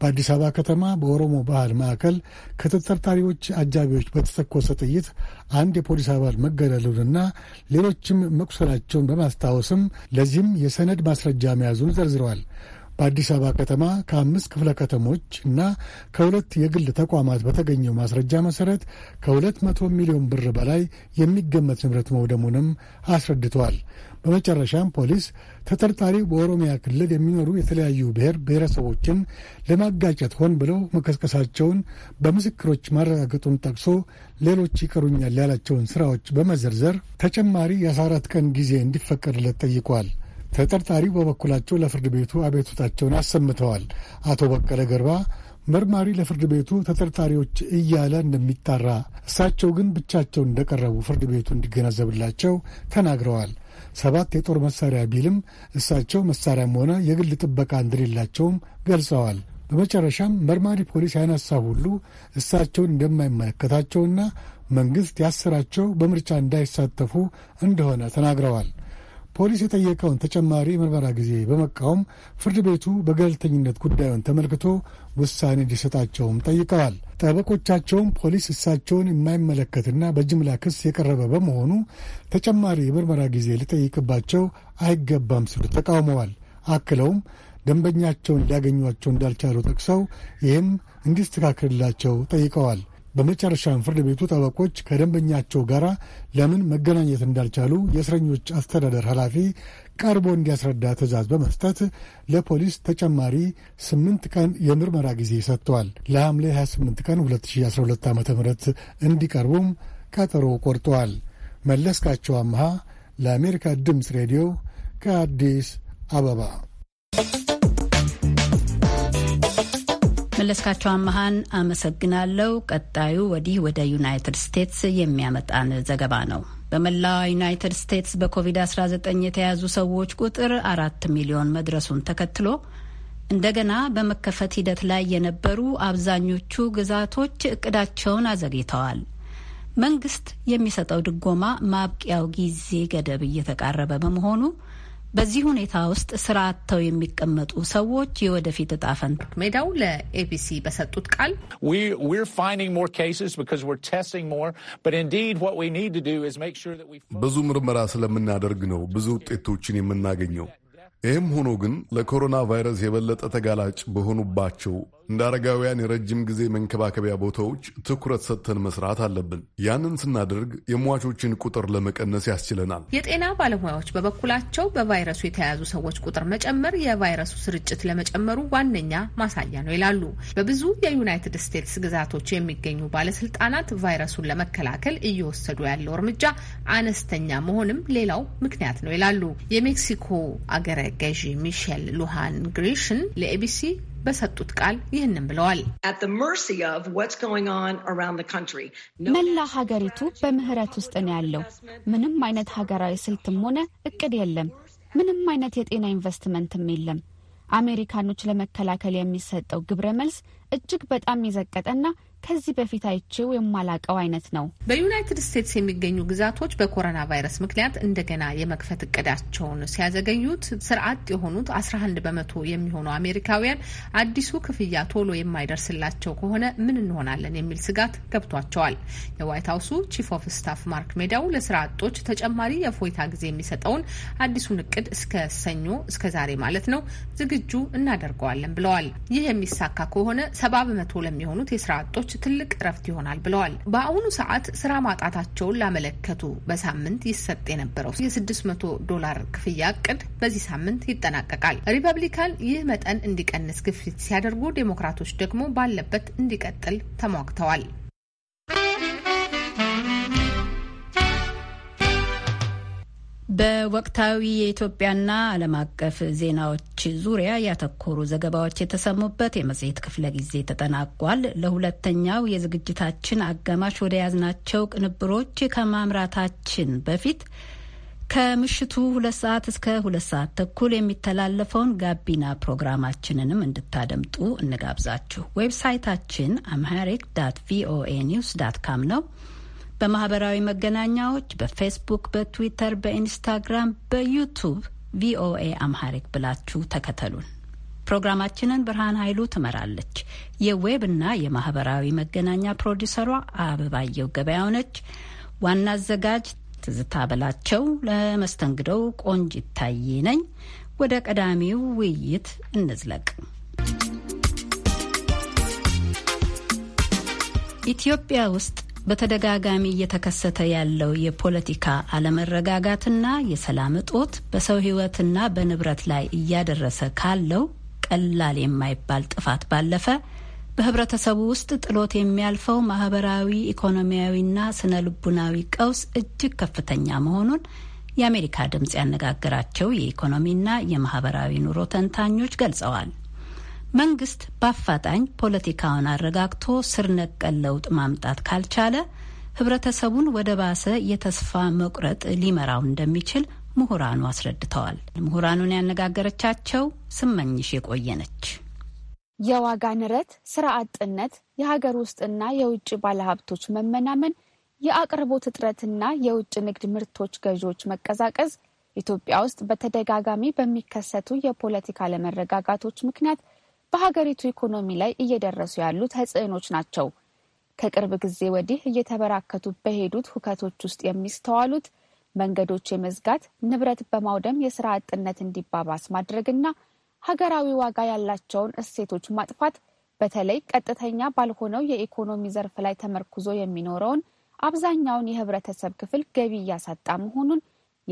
በአዲስ አበባ ከተማ በኦሮሞ ባህል ማዕከል ከተጠርጣሪዎች አጃቢዎች በተተኮሰ ጥይት አንድ የፖሊስ አባል መገደሉንና ሌሎችም መቁሰላቸውን በማስታወስም ለዚህም የሰነድ ማስረጃ መያዙን ዘርዝረዋል። በአዲስ አበባ ከተማ ከአምስት ክፍለ ከተሞች እና ከሁለት የግል ተቋማት በተገኘው ማስረጃ መሰረት ከሁለት መቶ ሚሊዮን ብር በላይ የሚገመት ንብረት መውደሙንም አስረድተዋል። በመጨረሻም ፖሊስ ተጠርጣሪው በኦሮሚያ ክልል የሚኖሩ የተለያዩ ብሔር ብሔረሰቦችን ለማጋጨት ሆን ብለው መቀስቀሳቸውን በምስክሮች ማረጋገጡን ጠቅሶ ሌሎች ይቀሩኛል ያላቸውን ስራዎች በመዘርዘር ተጨማሪ የአስራ አራት ቀን ጊዜ እንዲፈቀድለት ጠይቋል። ተጠርጣሪው በበኩላቸው ለፍርድ ቤቱ አቤቱታቸውን አሰምተዋል። አቶ በቀለ ገርባ መርማሪ ለፍርድ ቤቱ ተጠርጣሪዎች እያለ እንደሚጣራ እሳቸው ግን ብቻቸውን እንደቀረቡ ፍርድ ቤቱ እንዲገነዘብላቸው ተናግረዋል። ሰባት የጦር መሳሪያ ቢልም እሳቸው መሳሪያም ሆነ የግል ጥበቃ እንደሌላቸውም ገልጸዋል። በመጨረሻም መርማሪ ፖሊስ ያነሳ ሁሉ እሳቸውን እንደማይመለከታቸውና መንግሥት ያሰራቸው በምርጫ እንዳይሳተፉ እንደሆነ ተናግረዋል። ፖሊስ የጠየቀውን ተጨማሪ ምርመራ ጊዜ በመቃወም ፍርድ ቤቱ በገለልተኝነት ጉዳዩን ተመልክቶ ውሳኔ እንዲሰጣቸውም ጠይቀዋል። ጠበቆቻቸውም ፖሊስ እሳቸውን የማይመለከትና በጅምላ ክስ የቀረበ በመሆኑ ተጨማሪ የምርመራ ጊዜ ሊጠይቅባቸው አይገባም ሲሉ ተቃውመዋል። አክለውም ደንበኛቸውን ሊያገኟቸው እንዳልቻሉ ጠቅሰው ይህም እንዲስተካከልላቸው ጠይቀዋል። በመጨረሻም ፍርድ ቤቱ ጠበቆች ከደንበኛቸው ጋር ለምን መገናኘት እንዳልቻሉ የእስረኞች አስተዳደር ኃላፊ ቀርቦ እንዲያስረዳ ትዕዛዝ በመስጠት ለፖሊስ ተጨማሪ ስምንት ቀን የምርመራ ጊዜ ሰጥተዋል። ለሐምሌ 28 ቀን 2012 ዓ ም እንዲቀርቡም ቀጠሮ ቆርጠዋል። መለስካቸው አምሃ ለአሜሪካ ድምፅ ሬዲዮ ከአዲስ አበባ መለስካቸው አመሃን አመሰግናለሁ። ቀጣዩ ወዲህ ወደ ዩናይትድ ስቴትስ የሚያመጣን ዘገባ ነው። በመላዋ ዩናይትድ ስቴትስ በኮቪድ-19 የተያዙ ሰዎች ቁጥር አራት ሚሊዮን መድረሱን ተከትሎ እንደገና በመከፈት ሂደት ላይ የነበሩ አብዛኞቹ ግዛቶች እቅዳቸውን አዘግይተዋል። መንግስት የሚሰጠው ድጎማ ማብቂያው ጊዜ ገደብ እየተቃረበ በመሆኑ በዚህ ሁኔታ ውስጥ ስራ አጥተው የሚቀመጡ ሰዎች የወደፊት እጣ ፈንታ ሜዳው ለኤቢሲ በሰጡት ቃል ብዙ ምርመራ ስለምናደርግ ነው ብዙ ውጤቶችን የምናገኘው። ይህም ሆኖ ግን ለኮሮና ቫይረስ የበለጠ ተጋላጭ በሆኑባቸው እንደ አረጋውያን የረጅም ጊዜ መንከባከቢያ ቦታዎች ትኩረት ሰጥተን መስራት አለብን። ያንን ስናደርግ የሟቾችን ቁጥር ለመቀነስ ያስችለናል። የጤና ባለሙያዎች በበኩላቸው በቫይረሱ የተያዙ ሰዎች ቁጥር መጨመር የቫይረሱ ስርጭት ለመጨመሩ ዋነኛ ማሳያ ነው ይላሉ። በብዙ የዩናይትድ ስቴትስ ግዛቶች የሚገኙ ባለስልጣናት ቫይረሱን ለመከላከል እየወሰዱ ያለው እርምጃ አነስተኛ መሆንም ሌላው ምክንያት ነው ይላሉ። የሜክሲኮ አገረ ገዢ ሚሼል ሉሃን ግሪሽን ለኤቢሲ በሰጡት ቃል ይህንን ብለዋል። መላ ሀገሪቱ በምህረት ውስጥ ነው ያለው። ምንም አይነት ሀገራዊ ስልትም ሆነ እቅድ የለም። ምንም አይነት የጤና ኢንቨስትመንትም የለም። አሜሪካኖች ለመከላከል የሚሰጠው ግብረ መልስ እጅግ በጣም የዘቀጠና ከዚህ በፊት አይቼው የማላቀው አይነት ነው። በዩናይትድ ስቴትስ የሚገኙ ግዛቶች በኮሮና ቫይረስ ምክንያት እንደገና የመክፈት እቅዳቸውን ሲያዘገዩት ስርዓት የሆኑት 11 በመቶ የሚሆኑ አሜሪካውያን አዲሱ ክፍያ ቶሎ የማይደርስላቸው ከሆነ ምን እንሆናለን የሚል ስጋት ገብቷቸዋል። የዋይት ሀውሱ ቺፍ ኦፍ ስታፍ ማርክ ሜዳው ለስራ አጦች ተጨማሪ የፎይታ ጊዜ የሚሰጠውን አዲሱን እቅድ እስከ ሰኞ እስከ ዛሬ ማለት ነው ዝግጁ እናደርገዋለን ብለዋል። ይህ የሚሳካ ከሆነ ሰባ በመቶ ለሚሆኑት የስራ አጦች ትልቅ እረፍት ይሆናል ብለዋል። በአሁኑ ሰዓት ስራ ማጣታቸውን ላመለከቱ በሳምንት ይሰጥ የነበረው የ600 ዶላር ክፍያ እቅድ በዚህ ሳምንት ይጠናቀቃል። ሪፐብሊካን ይህ መጠን እንዲቀንስ ግፊት ሲያደርጉ፣ ዴሞክራቶች ደግሞ ባለበት እንዲቀጥል ተሟግተዋል። በወቅታዊ የኢትዮጵያና ዓለም አቀፍ ዜናዎች ዙሪያ ያተኮሩ ዘገባዎች የተሰሙበት የመጽሔት ክፍለ ጊዜ ተጠናቋል። ለሁለተኛው የዝግጅታችን አጋማሽ ወደ ያዝናቸው ቅንብሮች ከማምራታችን በፊት ከምሽቱ ሁለት ሰዓት እስከ ሁለት ሰዓት ተኩል የሚተላለፈውን ጋቢና ፕሮግራማችንንም እንድታደምጡ እንጋብዛችሁ። ዌብሳይታችን አምሃሪክ ዳት ቪኦኤ ኒውስ ዳት ካም ነው። በማህበራዊ መገናኛዎች በፌስቡክ፣ በትዊተር፣ በኢንስታግራም፣ በዩቱብ ቪኦኤ አምሃሪክ ብላችሁ ተከተሉን። ፕሮግራማችንን ብርሃን ኃይሉ ትመራለች። የዌብና የማህበራዊ መገናኛ ፕሮዲሰሯ አበባየው ገበያው ነች። ዋና አዘጋጅ ትዝታ በላቸው፣ ለመስተንግዶው ቆንጅ ይታይ ነኝ። ወደ ቀዳሚው ውይይት እንዝለቅ። ኢትዮጵያ ውስጥ በተደጋጋሚ እየተከሰተ ያለው የፖለቲካ አለመረጋጋትና የሰላም እጦት በሰው ሕይወትና በንብረት ላይ እያደረሰ ካለው ቀላል የማይባል ጥፋት ባለፈ በህብረተሰቡ ውስጥ ጥሎት የሚያልፈው ማህበራዊ፣ ኢኮኖሚያዊና ስነ ልቡናዊ ቀውስ እጅግ ከፍተኛ መሆኑን የአሜሪካ ድምፅ ያነጋገራቸው የኢኮኖሚና የማህበራዊ ኑሮ ተንታኞች ገልጸዋል። መንግስት በአፋጣኝ ፖለቲካውን አረጋግቶ ስር ነቀል ለውጥ ማምጣት ካልቻለ ህብረተሰቡን ወደ ባሰ የተስፋ መቁረጥ ሊመራው እንደሚችል ምሁራኑ አስረድተዋል። ምሁራኑን ያነጋገረቻቸው ስመኝሽ የቆየነች። የዋጋ ንረት፣ ስራ አጥነት፣ የሀገር ውስጥና የውጭ ባለሀብቶች መመናመን፣ የአቅርቦት እጥረትና የውጭ ንግድ ምርቶች ገዢዎች መቀዛቀዝ ኢትዮጵያ ውስጥ በተደጋጋሚ በሚከሰቱ የፖለቲካ አለመረጋጋቶች ምክንያት በሀገሪቱ ኢኮኖሚ ላይ እየደረሱ ያሉ ተጽዕኖች ናቸው። ከቅርብ ጊዜ ወዲህ እየተበራከቱ በሄዱት ሁከቶች ውስጥ የሚስተዋሉት መንገዶች የመዝጋት ንብረት በማውደም የስራ አጥነት እንዲባባስ ማድረግና ሀገራዊ ዋጋ ያላቸውን እሴቶች ማጥፋት በተለይ ቀጥተኛ ባልሆነው የኢኮኖሚ ዘርፍ ላይ ተመርኩዞ የሚኖረውን አብዛኛውን የህብረተሰብ ክፍል ገቢ እያሳጣ መሆኑን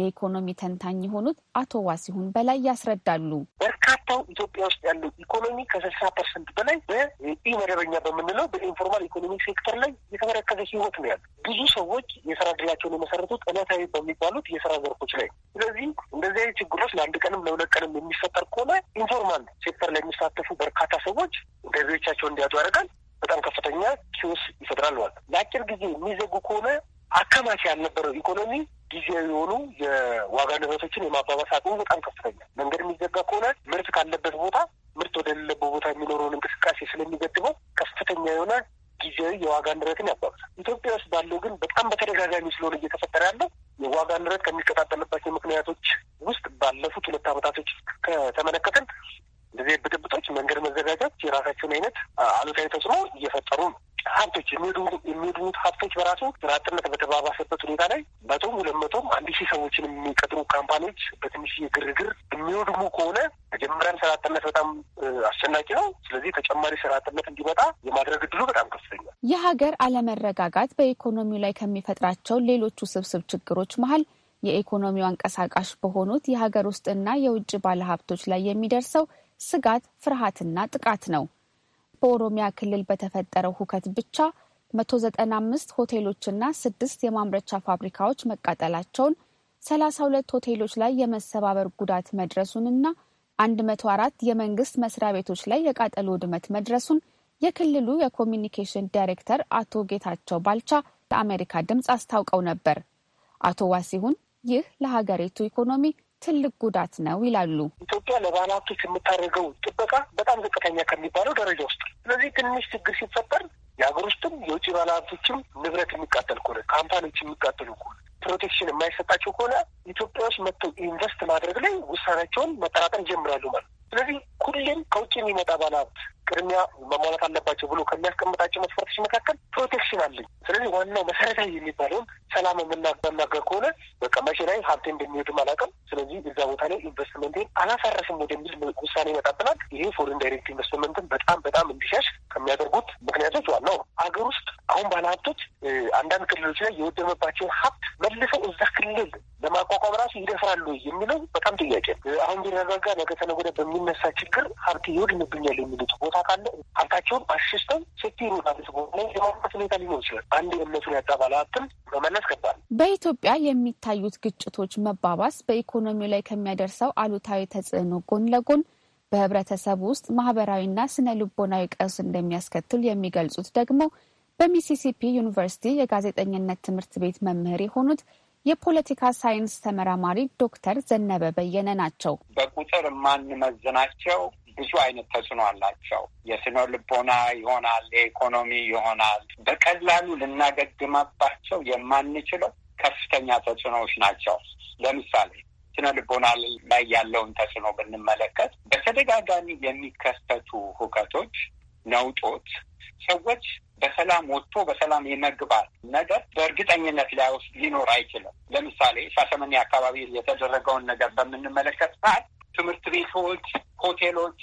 የኢኮኖሚ ተንታኝ የሆኑት አቶ ዋሲሁን በላይ ያስረዳሉ። እንደምታው ኢትዮጵያ ውስጥ ያለው ኢኮኖሚ ከስልሳ ፐርሰንት በላይ በኢመደበኛ በምንለው በኢንፎርማል ኢኮኖሚ ሴክተር ላይ የተመረከዘ ህይወት ነው ያለው። ብዙ ሰዎች የስራ እድላቸውን የመሰረቱት እለታዊ በሚባሉት የስራ ዘርፎች ላይ። ስለዚህ እንደዚህ አይነት ችግሮች ለአንድ ቀንም ለሁለት ቀንም የሚፈጠር ከሆነ ኢንፎርማል ሴክተር ላይ የሚሳተፉ በርካታ ሰዎች ገቢዎቻቸው እንዲያጡ ያደርጋል። በጣም ከፍተኛ ኪዮስ ይፈጥራል ማለት ለአጭር ጊዜ የሚዘጉ ከሆነ አከማች ያልነበረው ኢኮኖሚ ጊዜያዊ የሆኑ የዋጋ ንረቶችን የማባባስ አቅሙ በጣም ከፍተኛ፣ መንገድ የሚዘጋ ከሆነ ምርት ካለበት ቦታ ምርት ወደሌለበት ቦታ የሚኖረውን እንቅስቃሴ ስለሚገድበው ከፍተኛ የሆነ ጊዜያዊ የዋጋ ንረትን ያባብሳል። ኢትዮጵያ ውስጥ ባለው ግን በጣም በተደጋጋሚ ስለሆነ እየተፈጠረ ያለው የዋጋ ንረት ከሚቀጣጠልባቸው ምክንያቶች ውስጥ ባለፉት ሁለት ዓመታቶች ከተመለከተን እንደዚህ ብጥብጦች መንገድ መዘጋጃት የራሳቸውን አይነት አሉታዊ ተጽዕኖ እየፈጠሩ ነው። ሀብቶች የሚወድሙት ሀብቶች በራሱ ስራ አጥነት በተባባሰበት ሁኔታ ላይ መቶም ሁለት መቶም አንድ ሺህ ሰዎችን የሚቀጥሩ ካምፓኒዎች በትንሽ ግርግር የሚወድሙ ከሆነ መጀመሪያም ስራ አጥነት በጣም አስጨናቂ ነው። ስለዚህ ተጨማሪ ስራ አጥነት እንዲመጣ የማድረግ እድሉ በጣም ከፍተኛል። የሀገር አለመረጋጋት በኢኮኖሚው ላይ ከሚፈጥራቸው ሌሎች ውስብስብ ችግሮች መሀል የኢኮኖሚው አንቀሳቃሽ በሆኑት የሀገር ውስጥና የውጭ ባለሀብቶች ላይ የሚደርሰው ስጋት፣ ፍርሃትና ጥቃት ነው። በኦሮሚያ ክልል በተፈጠረው ሁከት ብቻ 195 ሆቴሎችና ስድስት የማምረቻ ፋብሪካዎች መቃጠላቸውን 32 ሆቴሎች ላይ የመሰባበር ጉዳት መድረሱንና 104 የመንግስት መስሪያ ቤቶች ላይ የቃጠሎ ውድመት መድረሱን የክልሉ የኮሚኒኬሽን ዳይሬክተር አቶ ጌታቸው ባልቻ ለአሜሪካ ድምፅ አስታውቀው ነበር። አቶ ዋሲሁን ይህ ለሀገሪቱ ኢኮኖሚ ትልቅ ጉዳት ነው ይላሉ። ኢትዮጵያ ለባለ የምታደርገው ጥበቃ በጣም ዝቅተኛ ከሚባለው ደረጃ ውስጥ። ስለዚህ ትንሽ ችግር ሲፈጠር የሀገር ውስጥም የውጭ ባለ ንብረት የሚቃጠል ከሆነ ካምፓኒዎች የሚቃጠሉ ከሆነ ፕሮቴክሽን የማይሰጣቸው ከሆነ ኢትዮጵያ ውስጥ መጥተው ኢንቨስት ማድረግ ላይ ውሳኔያቸውን መጠራጠር ይጀምራሉ ማለት ነው። ስለዚህ ሁሌም ከውጭ የሚመጣ ባለሀብት ቅድሚያ መሟላት አለባቸው ብሎ ከሚያስቀምጣቸው መስፈርቶች መካከል ፕሮቴክሽን አለኝ። ስለዚህ ዋናው መሰረታዊ የሚባለውን ሰላም የምናናገር ከሆነ በቃ መቼ ላይ ሀብቴ እንደሚወድ አላውቅም፣ ስለዚህ እዛ ቦታ ላይ ኢንቨስትመንቴን አላሳረስም ወደሚል ውሳኔ ይመጣብናል። ይሄ ፎሬን ዳይሬክት ኢንቨስትመንትን በጣም በጣም እንዲሻሽ ከሚያደርጉት ምክንያቶች ዋናው አገር ውስጥ አሁን ባለሀብቶች አንዳንድ ክልሎች ላይ የወደመባቸውን ሀብት መልሰው እዛ ክልል ለማቋቋም ራሱ ይደፍራሉ የሚለው በጣም ጥያቄ አሁን ቢረጋጋ ነገ ተነገ ወዲያ በሚ የሚነሳ ችግር ሀብት ይወድንብኛል የሚሉት ቦታ ካለ ሀብታቸውን አሽስተው ሴኪሩ ሀብት ላይ የማውጣት ሁኔታ ሊኖር ይችላል። አንድ እምነቱን ያጣ ባለ ሀብትም መመለስ ከባድ። በኢትዮጵያ የሚታዩት ግጭቶች መባባስ በኢኮኖሚው ላይ ከሚያደርሰው አሉታዊ ተጽዕኖ ጎን ለጎን በህብረተሰብ ውስጥ ማህበራዊና ስነ ልቦናዊ ቀውስ እንደሚያስከትል የሚገልጹት ደግሞ በሚሲሲፒ ዩኒቨርሲቲ የጋዜጠኝነት ትምህርት ቤት መምህር የሆኑት የፖለቲካ ሳይንስ ተመራማሪ ዶክተር ዘነበ በየነ ናቸው። በቁጥር የማንመዝናቸው ብዙ አይነት ተጽዕኖ አላቸው። የስነ ልቦና ይሆናል፣ የኢኮኖሚ ይሆናል። በቀላሉ ልናገግማባቸው የማንችለው ከፍተኛ ተጽዕኖዎች ናቸው። ለምሳሌ ስነ ልቦና ላይ ያለውን ተጽዕኖ ብንመለከት በተደጋጋሚ የሚከሰቱ ሁከቶች፣ ነውጦች ሰዎች በሰላም ወጥቶ በሰላም የመግባት ነገር በእርግጠኝነት ላይወስድ ሊኖር አይችልም። ለምሳሌ ሻሸመኔ አካባቢ የተደረገውን ነገር በምንመለከት ሰዓት ትምህርት ቤቶች፣ ሆቴሎች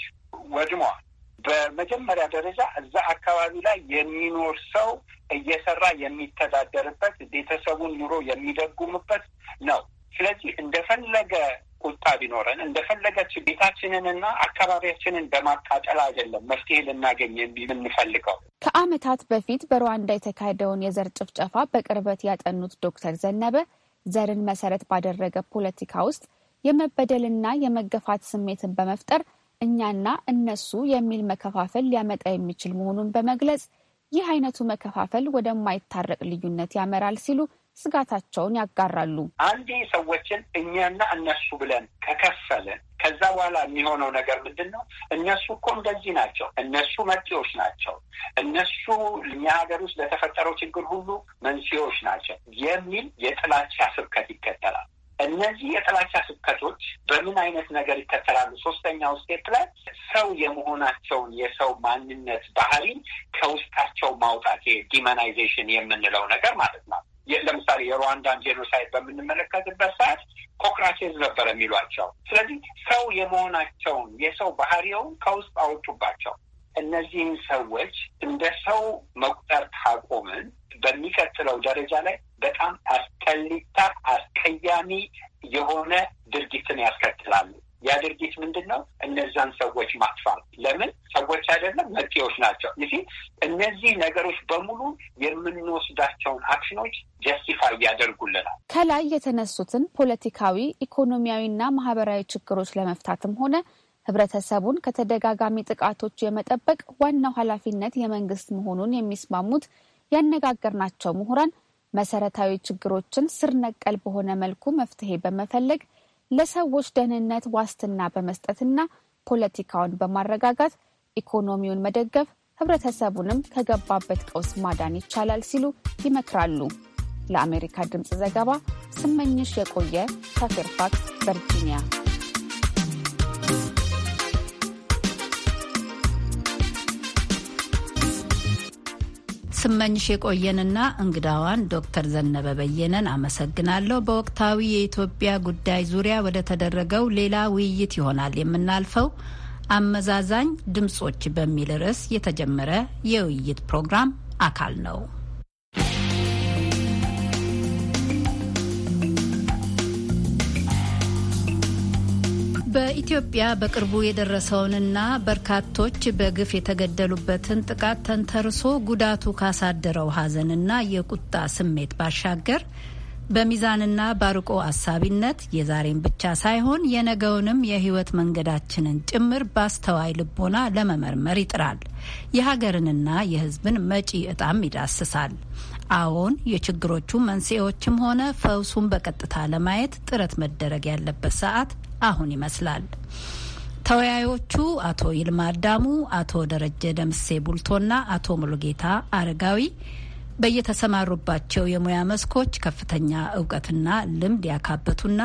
ወድመዋል። በመጀመሪያ ደረጃ እዛ አካባቢ ላይ የሚኖር ሰው እየሰራ የሚተዳደርበት ቤተሰቡን ኑሮ የሚደጉምበት ነው። ስለዚህ እንደፈለገ ቁጣ ቢኖረን እንደፈለገች ቤታችንንና አካባቢያችንን በማቃጠል አይደለም መፍትሄ ልናገኝ የምንፈልገው። ከዓመታት በፊት በሩዋንዳ የተካሄደውን የዘር ጭፍጨፋ በቅርበት ያጠኑት ዶክተር ዘነበ ዘርን መሰረት ባደረገ ፖለቲካ ውስጥ የመበደልና የመገፋት ስሜትን በመፍጠር እኛና እነሱ የሚል መከፋፈል ሊያመጣ የሚችል መሆኑን በመግለጽ ይህ አይነቱ መከፋፈል ወደማይታረቅ ልዩነት ያመራል ሲሉ ስጋታቸውን ያጋራሉ። አንዴ ሰዎችን እኛና እነሱ ብለን ከከፈልን ከዛ በኋላ የሚሆነው ነገር ምንድን ነው? እነሱ እኮ እንደዚህ ናቸው፣ እነሱ መጤዎች ናቸው፣ እነሱ እኛ ሀገር ውስጥ ለተፈጠረው ችግር ሁሉ መንስኤዎች ናቸው የሚል የጥላቻ ስብከት ይከተላል። እነዚህ የጥላቻ ስብከቶች በምን አይነት ነገር ይከተላሉ? ሶስተኛው ስቴፕ ላይ ሰው የመሆናቸውን የሰው ማንነት ባህሪን ከውስጣቸው ማውጣት ዲመናይዜሽን የምንለው ነገር ማለት ነው። ለምሳሌ የሩዋንዳን ጄኖሳይድ በምንመለከትበት ሰዓት ኮክራቼዝ ነበር የሚሏቸው። ስለዚህ ሰው የመሆናቸውን የሰው ባህሪውን ከውስጥ አወጡባቸው። እነዚህን ሰዎች እንደ ሰው መቁጠር ካቆምን በሚቀጥለው ደረጃ ላይ በጣም አስጠሊታ አስቀያሚ የሆነ ድርጊትን ያስከትላሉ። ያ ድርጊት ምንድን ነው? እነዛን ሰዎች ማጥፋት። ለምን ሰዎች አይደለም መጤዎች ናቸው። ይህ እነዚህ ነገሮች በሙሉ የምንወስዳቸውን አክሽኖች ጀስቲፋይ ያደርጉልናል። ከላይ የተነሱትን ፖለቲካዊ፣ ኢኮኖሚያዊና ማህበራዊ ችግሮች ለመፍታትም ሆነ ህብረተሰቡን ከተደጋጋሚ ጥቃቶች የመጠበቅ ዋናው ኃላፊነት የመንግስት መሆኑን የሚስማሙት ያነጋገርናቸው ምሁራን መሰረታዊ ችግሮችን ስር ነቀል በሆነ መልኩ መፍትሄ በመፈለግ ለሰዎች ደህንነት ዋስትና በመስጠትና ፖለቲካውን በማረጋጋት ኢኮኖሚውን መደገፍ፣ ህብረተሰቡንም ከገባበት ቀውስ ማዳን ይቻላል ሲሉ ይመክራሉ። ለአሜሪካ ድምፅ ዘገባ ስመኝሽ የቆየ ከፌርፋክስ ቨርጂኒያ። ስመኝሽ የቆየንና እንግዳዋን ዶክተር ዘነበ በየነን አመሰግናለሁ። በወቅታዊ የኢትዮጵያ ጉዳይ ዙሪያ ወደ ተደረገው ሌላ ውይይት ይሆናል የምናልፈው። አመዛዛኝ ድምጾች በሚል ርዕስ የተጀመረ የውይይት ፕሮግራም አካል ነው። በኢትዮጵያ በቅርቡ የደረሰውንና በርካቶች በግፍ የተገደሉበትን ጥቃት ተንተርሶ ጉዳቱ ካሳደረው ሀዘንና የቁጣ ስሜት ባሻገር በሚዛንና ባርቆ አሳቢነት የዛሬን ብቻ ሳይሆን የነገውንም የሕይወት መንገዳችንን ጭምር ባስተዋይ ልቦና ለመመርመር ይጥራል። የሀገርንና የሕዝብን መጪ እጣም ይዳስሳል። አዎን የችግሮቹ መንስኤዎችም ሆነ ፈውሱን በቀጥታ ለማየት ጥረት መደረግ ያለበት ሰዓት አሁን ይመስላል። ተወያዮቹ አቶ ይልማ አዳሙ፣ አቶ ደረጀ ደምሴ ቡልቶና አቶ ሙሉጌታ አረጋዊ በየተሰማሩባቸው የሙያ መስኮች ከፍተኛ እውቀትና ልምድ ያካበቱና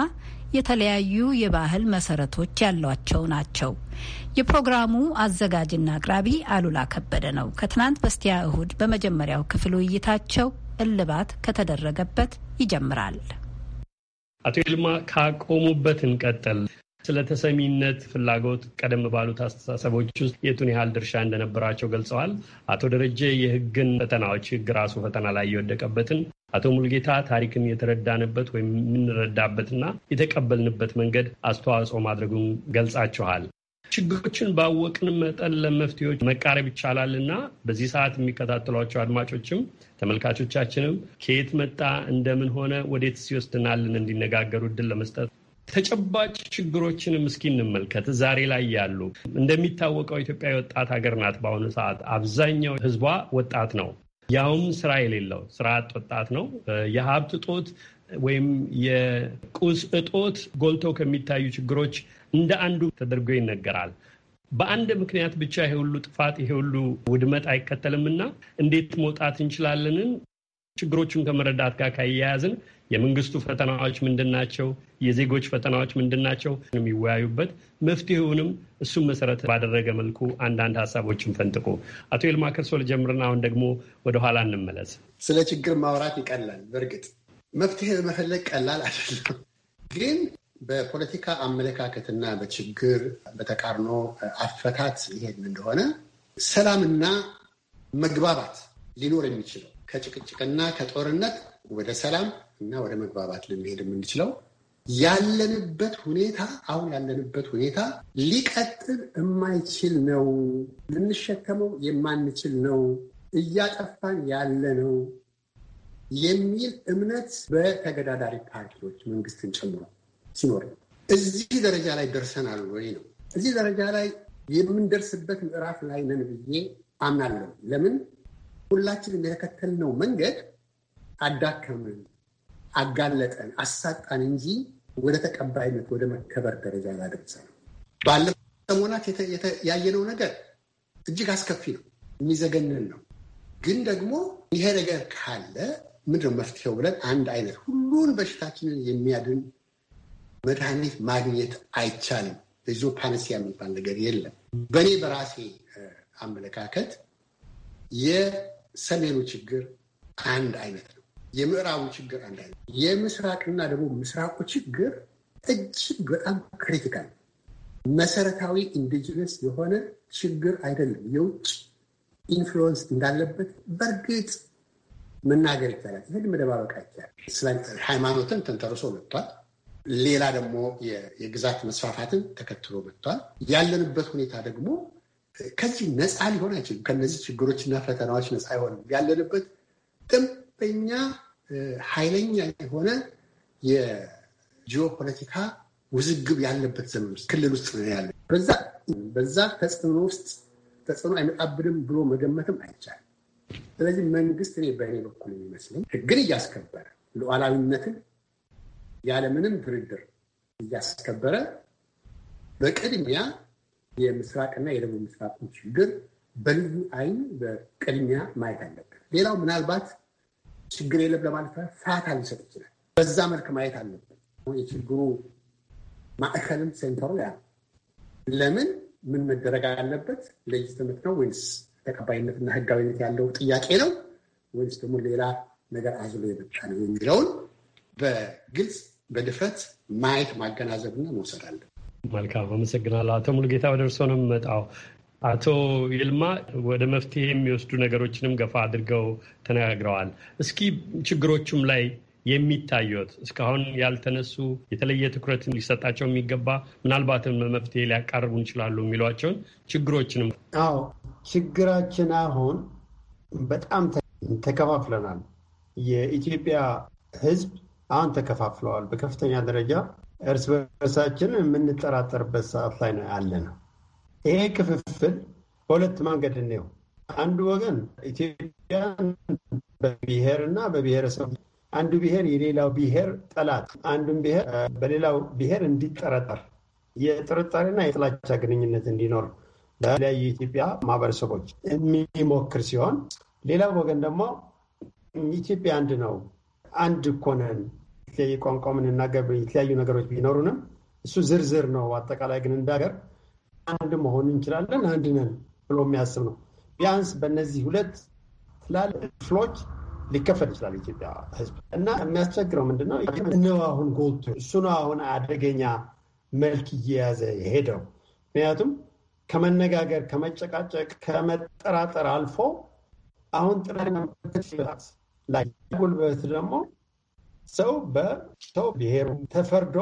የተለያዩ የባህል መሰረቶች ያሏቸው ናቸው። የፕሮግራሙ አዘጋጅና አቅራቢ አሉላ ከበደ ነው። ከትናንት በስቲያ እሁድ በመጀመሪያው ክፍል ውይይታቸው እልባት ከተደረገበት ይጀምራል። አቶ ይልማ ካቆሙበት እንቀጠል። ስለ ተሰሚነት ፍላጎት ቀደም ባሉት አስተሳሰቦች ውስጥ የቱን ያህል ድርሻ እንደነበራቸው ገልጸዋል። አቶ ደረጀ የሕግን ፈተናዎች ሕግ ራሱ ፈተና ላይ የወደቀበትን፣ አቶ ሙልጌታ ታሪክን የተረዳንበት ወይም የምንረዳበትና የተቀበልንበት መንገድ አስተዋጽኦ ማድረጉን ገልጻችኋል። ችግሮችን ባወቅን መጠን ለመፍትሄዎች መቃረብ ይቻላል እና በዚህ ሰዓት የሚከታተሏቸው አድማጮችም ተመልካቾቻችንም ከየት መጣ እንደምን ሆነ ወዴት ሲወስድናልን እንዲነጋገሩ እድል ለመስጠት ተጨባጭ ችግሮችንም እስኪ እንመልከት። ዛሬ ላይ ያሉ እንደሚታወቀው ኢትዮጵያ የወጣት ሀገር ናት። በአሁኑ ሰዓት አብዛኛው ሕዝቧ ወጣት ነው። ያውም ስራ የሌለው ስራ አጥ ወጣት ነው። የሀብት ጦት ወይም የቁስ እጦት ጎልተው ከሚታዩ ችግሮች እንደ አንዱ ተደርጎ ይነገራል። በአንድ ምክንያት ብቻ ይሄ ሁሉ ጥፋት ይሄ ሁሉ ውድመት አይከተልምና እንዴት መውጣት እንችላለንን ችግሮቹን ከመረዳት ጋር ካያያዝን የመንግስቱ ፈተናዎች ምንድን ናቸው? የዜጎች ፈተናዎች ምንድን ናቸው? የሚወያዩበት መፍትሄውንም እሱም መሰረት ባደረገ መልኩ አንዳንድ ሀሳቦችን ፈንጥቆ አቶ ይልማ ከርሶ ልጀምርና አሁን ደግሞ ወደኋላ እንመለስ። ስለ ችግር ማውራት ይቀላል በእርግጥ መፍትሄ በመፈለግ ቀላል አይደለም። ግን በፖለቲካ አመለካከትና በችግር በተቃርኖ አፈታት ይሄድን እንደሆነ ሰላምና መግባባት ሊኖር የሚችለው ከጭቅጭቅና ከጦርነት ወደ ሰላም እና ወደ መግባባት ልንሄድ የምንችለው ያለንበት ሁኔታ አሁን ያለንበት ሁኔታ ሊቀጥል የማይችል ነው፣ ልንሸከመው የማንችል ነው፣ እያጠፋን ያለ ነው የሚል እምነት በተገዳዳሪ ፓርቲዎች መንግስትን ጨምሮ ሲኖር እዚህ ደረጃ ላይ ደርሰናል ወይ ነው። እዚህ ደረጃ ላይ የምንደርስበት ምዕራፍ ላይ ነን ብዬ አምናለሁ። ለምን ሁላችንም የተከተልነው መንገድ አዳከምን፣ አጋለጠን፣ አሳጣን እንጂ ወደ ተቀባይነት ወደ መከበር ደረጃ አላደረሰንም። ባለፉት ሰሞናት ያየነው ነገር እጅግ አስከፊ ነው፣ የሚዘገንን ነው። ግን ደግሞ ይሄ ነገር ካለ ምንድነው መፍትሄው ብለን አንድ አይነት ሁሉን በሽታችንን የሚያድን መድኃኒት ማግኘት አይቻልም። ብዙ ፓነሲያ የሚባል ነገር የለም። በእኔ በራሴ አመለካከት የሰሜኑ ችግር አንድ አይነት ነው። የምዕራቡ ችግር አንድ አይነት፣ የምስራቅና ደግሞ ምስራቁ ችግር እጅግ በጣም ክሪቲካል መሰረታዊ ኢንዲጅነስ የሆነ ችግር አይደለም። የውጭ ኢንፍሉወንስ እንዳለበት በእርግጥ መናገር ይቻላል። ይህን መደባበቅ አይቻልም። ሃይማኖትን ተንተርሶ መጥቷል። ሌላ ደግሞ የግዛት መስፋፋትን ተከትሎ መጥቷል። ያለንበት ሁኔታ ደግሞ ከዚህ ነፃ ሊሆን አይችልም። ከነዚህ ችግሮችና ፈተናዎች ነፃ አይሆንም። ያለንበት ጥንበኛ ኃይለኛ የሆነ የጂኦፖለቲካ ውዝግብ ያለበት ዘመን ውስጥ ክልል ውስጥ ነው ያለ። በዛ ተጽዕኖ ውስጥ ተጽዕኖ አይመጣብንም ብሎ መገመትም አይቻልም። ስለዚህ መንግስት እኔ በእኔ በኩል የሚመስለኝ ህግን እያስከበረ ሉዓላዊነትን ያለምንም ድርድር እያስከበረ በቅድሚያ የምስራቅና የደቡብ ምስራቅን ችግር በልዩ አይን በቅድሚያ ማየት አለብን። ሌላው ምናልባት ችግር የለም ለማለት ፋታ ሊሰጥ ይችላል። በዛ መልክ ማየት አለብን። የችግሩ ማዕከልም ሴንተሩ ያ ለምን ምን መደረግ አለበት ለጅትምት ነው ወይንስ ተቀባይነትና ህጋዊነት ያለው ጥያቄ ነው ወይስ ደግሞ ሌላ ነገር አዝሎ የመጣ ነው የሚለውን በግልጽ በድፍረት ማየት ማገናዘብና መውሰድ አለ። መልካም አመሰግናለሁ። አቶ ሙሉጌታ ወደ እርስዎ ነው የምመጣው። አቶ ይልማ ወደ መፍትሄ የሚወስዱ ነገሮችንም ገፋ አድርገው ተነጋግረዋል። እስኪ ችግሮቹም ላይ የሚታዩት እስካሁን ያልተነሱ የተለየ ትኩረት ሊሰጣቸው የሚገባ ምናልባትም መፍትሄ ሊያቀርቡ እንችላሉ የሚሏቸውን ችግሮችንም። አዎ ችግራችን አሁን በጣም ተከፋፍለናል። የኢትዮጵያ ሕዝብ አሁን ተከፋፍለዋል በከፍተኛ ደረጃ እርስ በርሳችን የምንጠራጠርበት ሰዓት ላይ ነው ያለ ነው። ይሄ ክፍፍል በሁለት መንገድ እንየው። አንዱ ወገን ኢትዮጵያን በብሔርና በብሔረሰብ አንዱ ብሔር የሌላው ብሔር ጠላት፣ አንዱን ብሔር በሌላው ብሔር እንዲጠረጠር የጥርጣሬና የጥላቻ ግንኙነት እንዲኖር በተለያዩ የኢትዮጵያ ማህበረሰቦች የሚሞክር ሲሆን፣ ሌላው ወገን ደግሞ ኢትዮጵያ አንድ ነው፣ አንድ እኮ ነን፣ የተለያየ ቋንቋ ምንናገር የተለያዩ ነገሮች ቢኖሩንም እሱ ዝርዝር ነው፣ አጠቃላይ ግን እንዳገር አንድ መሆን እንችላለን፣ አንድ ነን ብሎ የሚያስብ ነው። ቢያንስ በእነዚህ ሁለት ትላልቅ ክፍሎች ሊከፈል ይችላል ኢትዮጵያ ህዝብ እና የሚያስቸግረው ምንድነው ነው አሁን ጎልቶ እሱ ነው አሁን አደገኛ መልክ እየያዘ የሄደው። ምክንያቱም ከመነጋገር ከመጨቃጨቅ፣ ከመጠራጠር አልፎ አሁን ጥረት ላይ ጉልበት ደግሞ ሰው በሰው ብሔሩ ተፈርዶ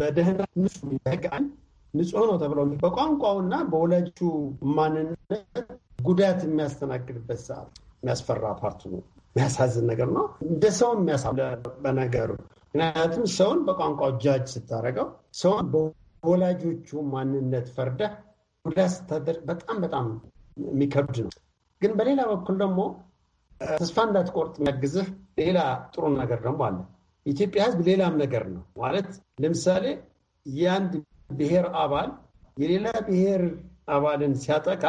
በደህና ንጹህ ነው ተብሎ በቋንቋውና በወላጁ ማንነት ጉዳት የሚያስተናግድበት ሰዓት የሚያስፈራ ፓርቱ ነው። የሚያሳዝን ነገር ነው። እንደ ሰው የሚያሳ በነገሩ ምክንያቱም ሰውን በቋንቋው ጃጅ ስታደርገው ሰውን በወላጆቹ ማንነት ፈርደህ ሁዳስ በጣም በጣም የሚከብድ ነው። ግን በሌላ በኩል ደግሞ ተስፋ እንዳትቆርጥ የሚያግዝህ ሌላ ጥሩ ነገር ደግሞ አለ። ኢትዮጵያ ሕዝብ ሌላም ነገር ነው ማለት ለምሳሌ የአንድ ብሔር አባል የሌላ ብሔር አባልን ሲያጠቃ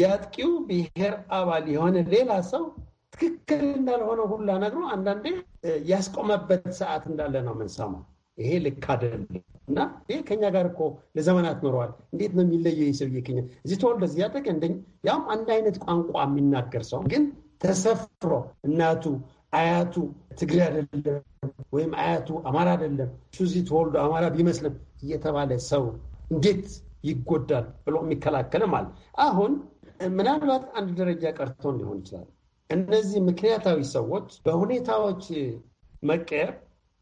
የአጥቂው ብሔር አባል የሆነ ሌላ ሰው ትክክል እንዳልሆነ ሁላ ነግሮ አንዳንዴ ያስቆመበት ሰዓት እንዳለ ነው የምንሰማው። ይሄ ልክ አይደለም እና ይሄ ከኛ ጋር እኮ ለዘመናት ኖረዋል። እንዴት ነው የሚለየው ይህ ሰውዬ? ከኛ እዚህ ተወልዶ እዚህ ያደገ እንደ ያም አንድ አይነት ቋንቋ የሚናገር ሰው ግን ተሰፍሮ እናቱ አያቱ ትግሬ አይደለም ወይም አያቱ አማራ አይደለም እሱ እዚህ ተወልዶ አማራ ቢመስልም እየተባለ ሰው እንዴት ይጎዳል ብሎ የሚከላከልም አለ። አሁን ምናልባት አንድ ደረጃ ቀርቶ ሊሆን ይችላል እነዚህ ምክንያታዊ ሰዎች በሁኔታዎች መቀየር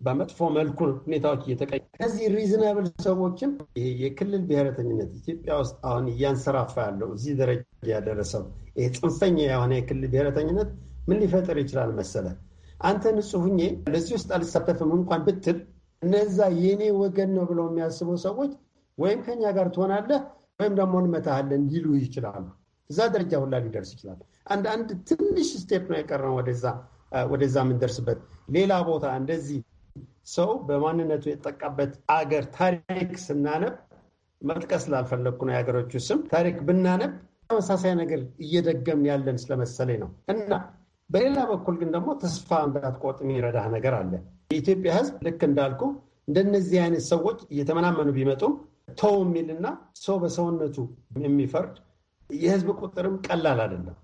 በመጥፎ መልኩ ሁኔታዎች እየተቀ እነዚህ ሪዝናብል ሰዎችም ይሄ የክልል ብሔረተኝነት ኢትዮጵያ ውስጥ አሁን እያንሰራፋ ያለው እዚህ ደረጃ ያደረሰው ይሄ ጽንፈኛ የሆነ የክልል ብሔረተኝነት ምን ሊፈጠር ይችላል መሰለ? አንተ ንጹሁኜ ለዚህ ውስጥ አልሳተፍም እንኳን ብትል እነዛ የኔ ወገን ነው ብለው የሚያስቡ ሰዎች ወይም ከኛ ጋር ትሆናለህ ወይም ደግሞ እንመታሃለን ሊሉ ይችላሉ። እዛ ደረጃ ሁላ ሊደርስ ይችላል። አንድ አንድ ትንሽ ስቴፕ ነው የቀረነው ወደዛ ወደዛ የምንደርስበት ሌላ ቦታ እንደዚህ ሰው በማንነቱ የተጠቃበት አገር ታሪክ ስናነብ መጥቀስ ላልፈለግኩ ነው የሀገሮቹ ስም ታሪክ ብናነብ ተመሳሳይ ነገር እየደገምን ያለን ስለመሰለኝ ነው። እና በሌላ በኩል ግን ደግሞ ተስፋ እንዳትቆርጥ የሚረዳህ ነገር አለ። የኢትዮጵያ ሕዝብ ልክ እንዳልኩ እንደነዚህ አይነት ሰዎች እየተመናመኑ ቢመጡም ተው የሚልና ሰው በሰውነቱ የሚፈርድ የህዝብ ቁጥርም ቀላል አይደለም።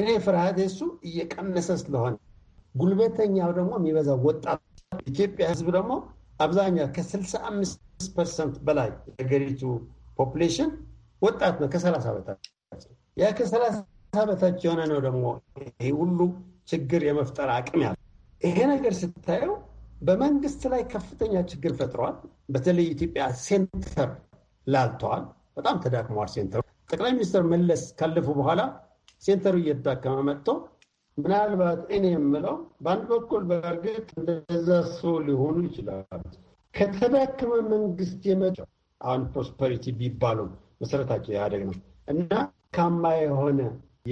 እኔ ፍርሃት እሱ እየቀነሰ ስለሆነ ጉልበተኛው ደግሞ የሚበዛው ወጣት ኢትዮጵያ ህዝብ ደግሞ አብዛኛው ከ65 ፐርሰንት በላይ የሀገሪቱ ፖፕሌሽን ወጣት ነው፣ ከ30 በታች ያ ከ30 በታች የሆነ ነው ደግሞ ይህ ሁሉ ችግር የመፍጠር አቅም ያለ ይሄ ነገር ስታየው በመንግስት ላይ ከፍተኛ ችግር ፈጥረዋል። በተለይ ኢትዮጵያ ሴንተር ላልተዋል፣ በጣም ተዳክመዋል ሴንተሩ ጠቅላይ ሚኒስትር መለስ ካለፉ በኋላ ሴንተሩ እየተዳከመ መጥቶ ምናልባት እኔ የምለው በአንድ በኩል በእርግጥ እንደዛ ሰው ሊሆኑ ይችላሉ። ከተዳከመ መንግስት የመጣው አሁን ፕሮስፐሪቲ ቢባሉም መሰረታቸው ኢህአዴግ ነው እና ካማ የሆነ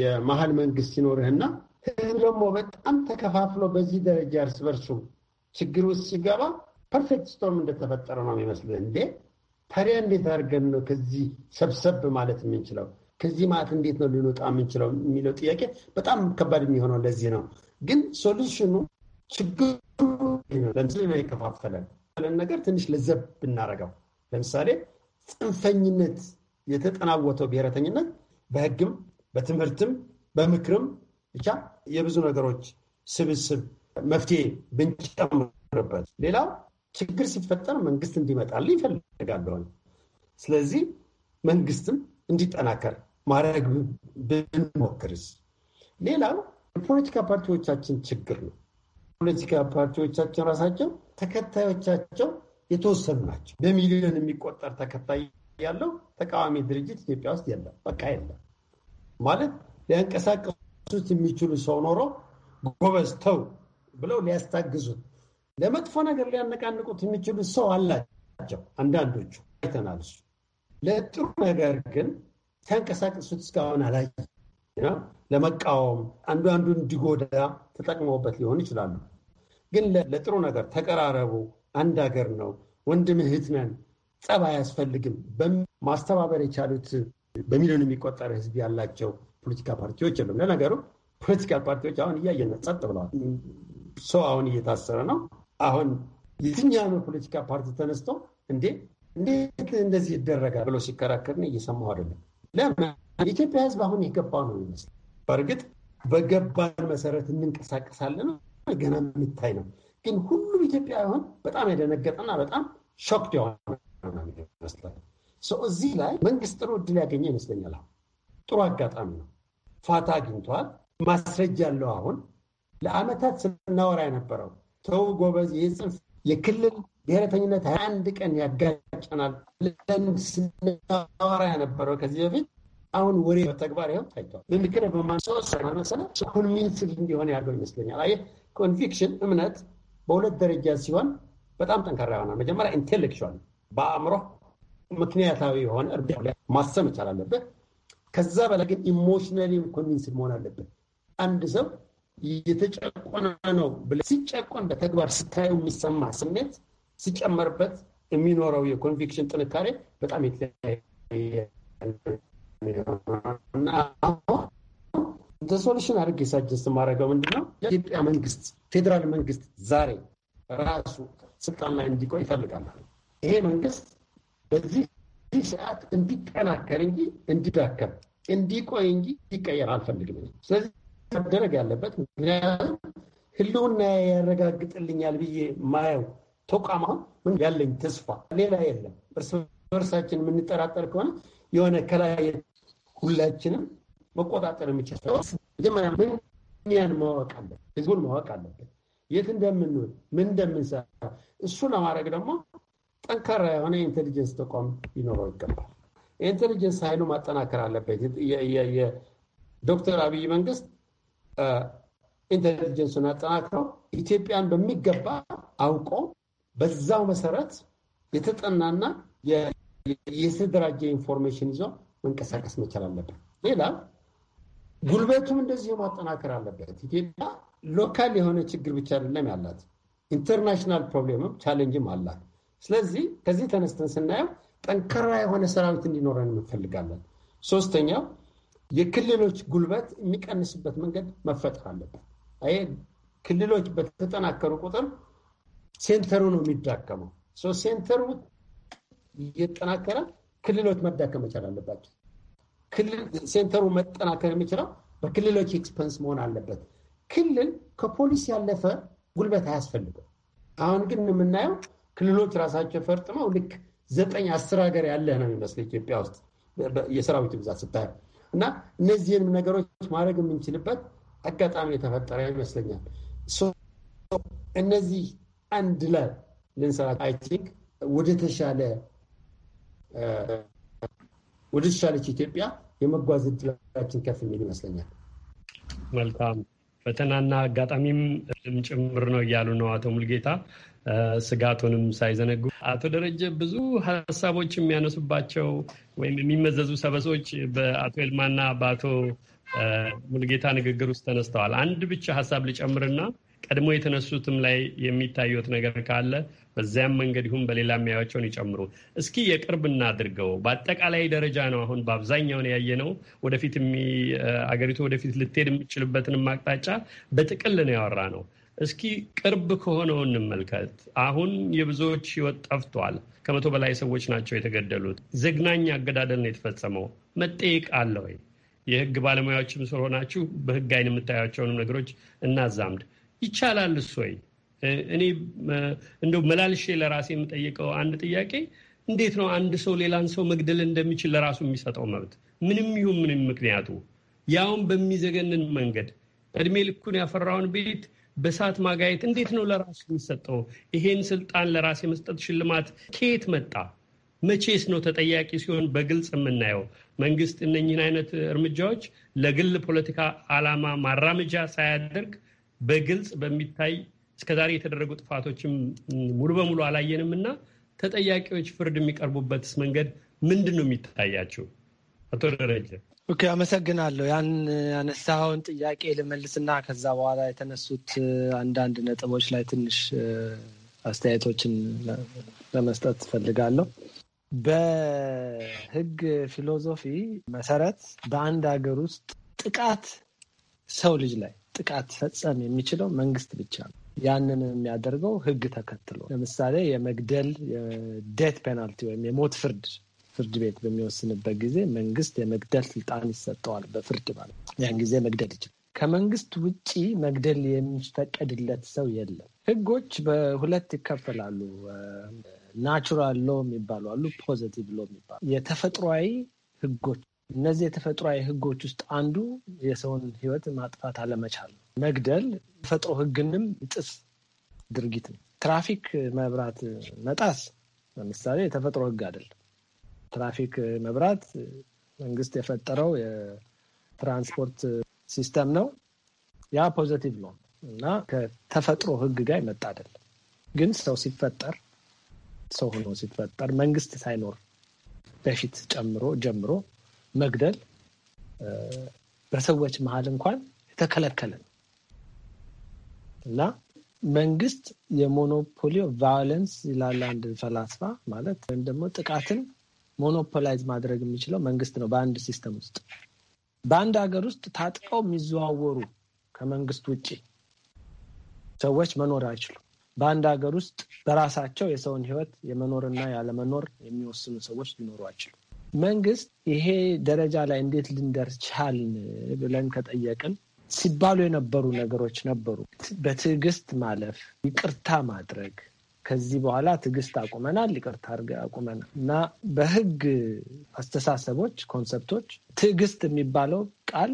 የመሀል መንግስት ሲኖርህና ህዝብ ደግሞ በጣም ተከፋፍሎ በዚህ ደረጃ እርስ በርሱ ችግር ውስጥ ሲገባ ፐርፌክት ስቶርም እንደተፈጠረ ነው የሚመስልህ እንዴ ታዲያ እንዴት አድርገን ነው ከዚህ ሰብሰብ ማለት የምንችለው? ከዚህ ማለት እንዴት ነው ልንወጣ የምንችለው የሚለው ጥያቄ በጣም ከባድ የሚሆነው ለዚህ ነው። ግን ሶሉሽኑ ችግሩ ለምሳሌ ነው የከፋፈለን ነገር ትንሽ ለዘብ ብናረገው፣ ለምሳሌ ጽንፈኝነት የተጠናወተው ብሔረተኝነት በህግም በትምህርትም በምክርም ብቻ የብዙ ነገሮች ስብስብ መፍትሄ ብንጨምርበት፣ ሌላው ችግር ሲፈጠር መንግስት እንዲመጣል ይፈልጋለሁ። ስለዚህ መንግስትም እንዲጠናከር ማድረግ ብንሞክርስ። ሌላው የፖለቲካ ፓርቲዎቻችን ችግር ነው። ፖለቲካ ፓርቲዎቻችን ራሳቸው ተከታዮቻቸው የተወሰኑ ናቸው። በሚሊዮን የሚቆጠር ተከታይ ያለው ተቃዋሚ ድርጅት ኢትዮጵያ ውስጥ የለም፣ በቃ የለም ማለት ሊያንቀሳቀሱት የሚችሉ ሰው ኖሮ ጎበዝ ተው ብለው ሊያስታግዙት ለመጥፎ ነገር ሊያነቃንቁት የሚችሉ ሰው አላቸው። አንዳንዶቹ አይተናል። እሱ ለጥሩ ነገር ግን ሲያንቀሳቀሱት እስካሁን አላይ ለመቃወም አንዱ አንዱ እንዲጎዳ ተጠቅመውበት ሊሆን ይችላሉ። ግን ለጥሩ ነገር ተቀራረቡ፣ አንድ ሀገር ነው፣ ወንድም እህት ነን፣ ጸብ አያስፈልግም ማስተባበር የቻሉት በሚሊዮን የሚቆጠር ህዝብ ያላቸው ፖለቲካ ፓርቲዎች የለም። ለነገሩ ፖለቲካ ፓርቲዎች አሁን እያየን ጸጥ ብለዋል። ሰው አሁን እየታሰረ ነው። አሁን የትኛውም የፖለቲካ ፓርቲ ተነስቶ እንዴ እንዴት እንደዚህ ይደረጋል ብሎ ሲከራከርን እየሰማሁ አይደለም። ለምን የኢትዮጵያ ሕዝብ አሁን የገባው ነው ይመስል በእርግጥ በገባን መሰረት እንንቀሳቀሳለን ገና የሚታይ ነው። ግን ሁሉም ኢትዮጵያ ይሆን በጣም የደነገጠና በጣም ሾክድ የሆነ ይመስላል። እዚህ ላይ መንግስት ጥሩ እድል ያገኘ ይመስለኛል። አሁን ጥሩ አጋጣሚ ነው። ፋታ አግኝቷል። ማስረጃ ያለው አሁን ለአመታት ስናወራ የነበረው ተው ጎበዝ፣ ይህ ጽንፍ የክልል ብሔረተኝነት አንድ ቀን ያጋጨናል ብለን ስናወራ የነበረው ከዚህ በፊት አሁን ወሬ በተግባር ይኸው ታይቷል። በምክረ መሰለ ኮንቪንስድ እንዲሆን ያለው ይመስለኛል። አየህ ኮንቪክሽን እምነት በሁለት ደረጃ ሲሆን በጣም ጠንካራ ይሆናል። መጀመሪያ ኢንቴሌክቹዋል በአእምሮ ምክንያታዊ የሆነ እርዳ ማሰብ መቻል አለበት። ከዛ በላይ ግን ኢሞሽናሊ ኮንቪንስድ መሆን አለብህ። አንድ ሰው እየተጨቆነ ነው ብለህ ሲጨቆን በተግባር ስታየው የሚሰማ ስሜት ሲጨመርበት የሚኖረው የኮንቪክሽን ጥንካሬ በጣም የተለያየ እና ሶሉሽን አድርጌ ሳጀስት የማደርገው ምንድነው የኢትዮጵያ መንግስት ፌዴራል መንግስት ዛሬ ራሱ ስልጣን ላይ እንዲቆይ ይፈልጋል። ይሄ መንግስት በዚህ ሰዓት እንዲጠናከር እንጂ እንዲዳከም፣ እንዲቆይ እንጂ እንዲቀየር አልፈልግም። ስለዚህ መደረግ ያለበት ምክንያቱም ህልውና ያረጋግጥልኛል ብዬ ማየው ተቋማ ምን ያለኝ ተስፋ ሌላ የለም። እርስ በርሳችን የምንጠራጠር ከሆነ የሆነ ከላይ ሁላችንም መቆጣጠር የሚችል መጀመሪያ ምን ማወቅ አለበት፣ ህዝቡን ማወቅ አለበት፣ የት እንደምንውል ምን እንደምንሰራ። እሱ ለማድረግ ደግሞ ጠንካራ የሆነ የኢንቴሊጀንስ ተቋም ሊኖረው ይገባል። የኢንቴሊጀንስ ኃይሉ ማጠናከር አለበት። ዶክተር አብይ መንግስት ኢንቴሊጀንሱን አጠናክረው ኢትዮጵያን በሚገባ አውቆ በዛው መሰረት የተጠናና የተደራጀ ኢንፎርሜሽን ይዞ መንቀሳቀስ መቻል አለበት። ሌላ ጉልበቱም እንደዚሁ ማጠናከር አለበት። ኢትዮጵያ ሎካል የሆነ ችግር ብቻ አይደለም ያላት፣ ኢንተርናሽናል ፕሮብሌምም ቻሌንጅም አላት። ስለዚህ ከዚህ ተነስተን ስናየው ጠንካራ የሆነ ሰራዊት እንዲኖረን እንፈልጋለን። ሶስተኛው የክልሎች ጉልበት የሚቀንስበት መንገድ መፈጠር አለበት። አይ ክልሎች በተጠናከሩ ቁጥር ሴንተሩ ነው የሚዳከመው። ሴንተሩ የጠናከረ ክልሎች መዳከም መቻል አለባቸው። ሴንተሩ መጠናከር የሚችለው በክልሎች ኤክስፐንስ መሆን አለበት። ክልል ከፖሊስ ያለፈ ጉልበት አያስፈልግም። አሁን ግን የምናየው ክልሎች ራሳቸው ፈርጥመው ልክ ዘጠኝ አስር ሀገር ያለ ነው የሚመስለ ኢትዮጵያ ውስጥ የሰራዊት ብዛት ስታየው እና እነዚህንም ነገሮች ማድረግ የምንችልበት አጋጣሚ የተፈጠረ ይመስለኛል። እነዚህ አንድ ላይ ልንሰራ አይ ቲንክ ወደ ተሻለ ወደ ተሻለች ኢትዮጵያ የመጓዝ እድላችን ከፍ የሚል ይመስለኛል። መልካም ፈተናና አጋጣሚም ጭምር ነው እያሉ ነው አቶ ሙልጌታ። ስጋቱንም ሳይዘነጉ አቶ ደረጀ ብዙ ሀሳቦች የሚያነሱባቸው ወይም የሚመዘዙ ሰበሶች በአቶ ኤልማና በአቶ ሙልጌታ ንግግር ውስጥ ተነስተዋል። አንድ ብቻ ሀሳብ ልጨምርና ቀድሞ የተነሱትም ላይ የሚታዩት ነገር ካለ በዚያም መንገድ ይሁን በሌላ የሚያያቸውን ይጨምሩ። እስኪ የቅርብ እናድርገው። በአጠቃላይ ደረጃ ነው አሁን በአብዛኛውን ያየ ነው። ወደፊት አገሪቱ ወደፊት ልትሄድ የምችልበትንም አቅጣጫ በጥቅል ነው ያወራ ነው። እስኪ ቅርብ ከሆነው እንመልከት። አሁን የብዙዎች ህይወት ጠፍቷል። ከመቶ በላይ ሰዎች ናቸው የተገደሉት። ዘግናኝ አገዳደል ነው የተፈጸመው። መጠየቅ አለ ወይ? የህግ ባለሙያዎችም ስለሆናችሁ በህግ አይን የምታያቸውንም ነገሮች እናዛምድ። ይቻላል እሱ ወይ? እኔ እንደው መላልሼ ለራሴ የምጠይቀው አንድ ጥያቄ እንዴት ነው አንድ ሰው ሌላን ሰው መግደል እንደሚችል ለራሱ የሚሰጠው መብት ምንም ይሁን ምንም ምክንያቱ ያውን በሚዘገንን መንገድ እድሜ ልኩን ያፈራውን ቤት በሳት ማጋየት እንዴት ነው ለራሱ የሚሰጠው? ይሄን ስልጣን ለራስ የመስጠት ሽልማት ከየት መጣ? መቼስ ነው ተጠያቂ ሲሆን በግልጽ የምናየው? መንግስት እነኝህን አይነት እርምጃዎች ለግል ፖለቲካ ዓላማ ማራመጃ ሳያደርግ በግልጽ በሚታይ እስከዛሬ የተደረጉ ጥፋቶችም ሙሉ በሙሉ አላየንም እና ተጠያቂዎች ፍርድ የሚቀርቡበትስ መንገድ ምንድን ነው የሚታያቸው? አቶ ደረጀ ኦኬ፣ አመሰግናለሁ። ያን ያነሳኸውን ጥያቄ ልመልስና ከዛ በኋላ የተነሱት አንዳንድ ነጥቦች ላይ ትንሽ አስተያየቶችን ለመስጠት ትፈልጋለሁ። በህግ ፊሎዞፊ መሰረት በአንድ ሀገር ውስጥ ጥቃት ሰው ልጅ ላይ ጥቃት ፈጸም የሚችለው መንግስት ብቻ ነው። ያንን የሚያደርገው ህግ ተከትሎ ለምሳሌ የመግደል ዴት ፔናልቲ ወይም የሞት ፍርድ ፍርድ ቤት በሚወስንበት ጊዜ መንግስት የመግደል ስልጣን ይሰጠዋል። በፍርድ ማለት ያን ጊዜ መግደል ይችላል። ከመንግስት ውጪ መግደል የሚፈቀድለት ሰው የለም። ህጎች በሁለት ይከፈላሉ። ናቹራል ሎ የሚባሉ አሉ፣ ፖዘቲቭ ሎ የሚባሉ የተፈጥሯዊ ህጎች። እነዚህ የተፈጥሯዊ ህጎች ውስጥ አንዱ የሰውን ህይወት ማጥፋት አለመቻል መግደል ተፈጥሮ ህግንም ጥስ ድርጊት ነው። ትራፊክ መብራት መጣስ ለምሳሌ የተፈጥሮ ህግ አይደለም። ትራፊክ መብራት መንግስት የፈጠረው የትራንስፖርት ሲስተም ነው። ያ ፖዘቲቭ ነው እና ከተፈጥሮ ህግ ጋር ይመጣ አይደለም። ግን ሰው ሲፈጠር ሰው ሆኖ ሲፈጠር መንግስት ሳይኖር በፊት ጨምሮ ጀምሮ መግደል በሰዎች መሀል እንኳን የተከለከለ ነው እና መንግስት የሞኖፖሊ ቫዮለንስ ይላል አንድ ፈላስፋ ማለት ወይም ደግሞ ጥቃትን ሞኖፖላይዝ ማድረግ የሚችለው መንግስት ነው። በአንድ ሲስተም ውስጥ በአንድ ሀገር ውስጥ ታጥቀው የሚዘዋወሩ ከመንግስት ውጭ ሰዎች መኖር አይችሉም። በአንድ ሀገር ውስጥ በራሳቸው የሰውን ህይወት የመኖርና ያለመኖር የሚወስኑ ሰዎች ሊኖሩ አይችሉም። መንግስት ይሄ ደረጃ ላይ እንዴት ልንደርስ ቻልን ብለን ከጠየቅን ሲባሉ የነበሩ ነገሮች ነበሩ። በትዕግስት ማለፍ፣ ይቅርታ ማድረግ ከዚህ በኋላ ትዕግስት አቁመናል፣ ይቅርታ አድርገ አቁመናል እና በህግ አስተሳሰቦች፣ ኮንሰፕቶች ትዕግስት የሚባለው ቃል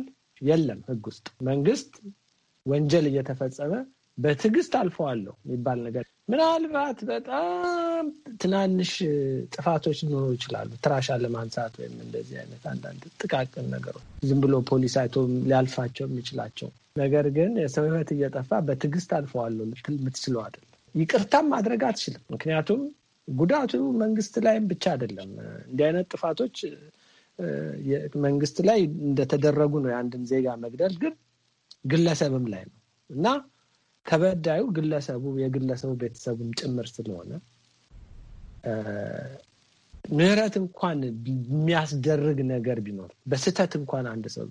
የለም ህግ ውስጥ። መንግስት ወንጀል እየተፈጸመ በትዕግስት አልፈዋለሁ የሚባል ነገር ምናልባት በጣም ትናንሽ ጥፋቶች ሊኖሩ ይችላሉ። ትራሻ ለማንሳት ወይም እንደዚህ አይነት አንዳንድ ጥቃቅን ነገሮች ዝም ብሎ ፖሊስ አይቶ ሊያልፋቸው የሚችላቸው ነገር ግን የሰው ህይወት እየጠፋ በትዕግስት አልፈዋለሁ ልትል የምትችለው አይደለም። ይቅርታም ማድረግ አትችልም። ምክንያቱም ጉዳቱ መንግስት ላይም ብቻ አይደለም። እንዲህ አይነት ጥፋቶች መንግስት ላይ እንደተደረጉ ነው። የአንድን ዜጋ መግደል ግን ግለሰብም ላይ ነው እና ተበዳዩ ግለሰቡ የግለሰቡ ቤተሰቡም ጭምር ስለሆነ ምህረት እንኳን የሚያስደርግ ነገር ቢኖር በስህተት እንኳን አንድ ሰው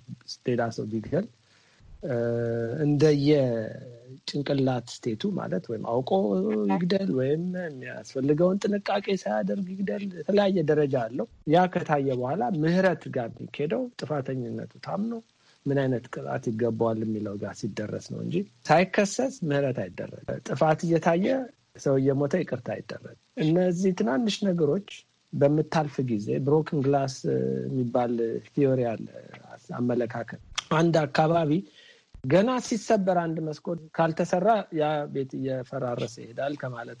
ሌላ ሰው ቢገል እንደየ ጭንቅላት ስቴቱ ማለት ወይም አውቆ ይግደል ወይም የሚያስፈልገውን ጥንቃቄ ሳያደርግ ይግደል፣ የተለያየ ደረጃ አለው። ያ ከታየ በኋላ ምህረት ጋር የሚሄደው ጥፋተኝነቱ ታምኖ ምን አይነት ቅጣት ይገባዋል የሚለው ጋር ሲደረስ ነው እንጂ ሳይከሰስ ምህረት አይደረግ። ጥፋት እየታየ ሰው እየሞተ ይቅርታ አይደረግ። እነዚህ ትናንሽ ነገሮች በምታልፍ ጊዜ ብሮክን ግላስ የሚባል ቲዮሪ አለ፣ አመለካከት አንድ አካባቢ ገና ሲሰበር አንድ መስኮት ካልተሰራ ያ ቤት እየፈራረሰ ይሄዳል ከማለት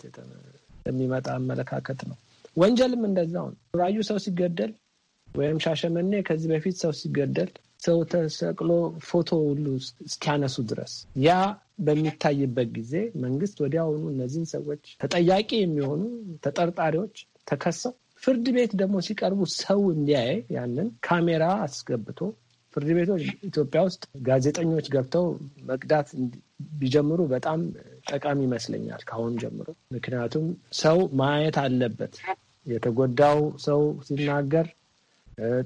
የሚመጣ አመለካከት ነው። ወንጀልም እንደዛው ነው። ራዩ ሰው ሲገደል ወይም ሻሸመኔ ከዚህ በፊት ሰው ሲገደል ሰው ተሰቅሎ ፎቶ ሁሉ እስኪያነሱ ድረስ ያ በሚታይበት ጊዜ መንግስት ወዲያውኑ እነዚህን ሰዎች ተጠያቂ የሚሆኑ ተጠርጣሪዎች ተከሰው ፍርድ ቤት ደግሞ ሲቀርቡ ሰው እንዲያይ ያንን ካሜራ አስገብቶ ፍርድ ቤቶች ኢትዮጵያ ውስጥ ጋዜጠኞች ገብተው መቅዳት ቢጀምሩ በጣም ጠቃሚ ይመስለኛል ከአሁን ጀምሮ። ምክንያቱም ሰው ማየት አለበት የተጎዳው ሰው ሲናገር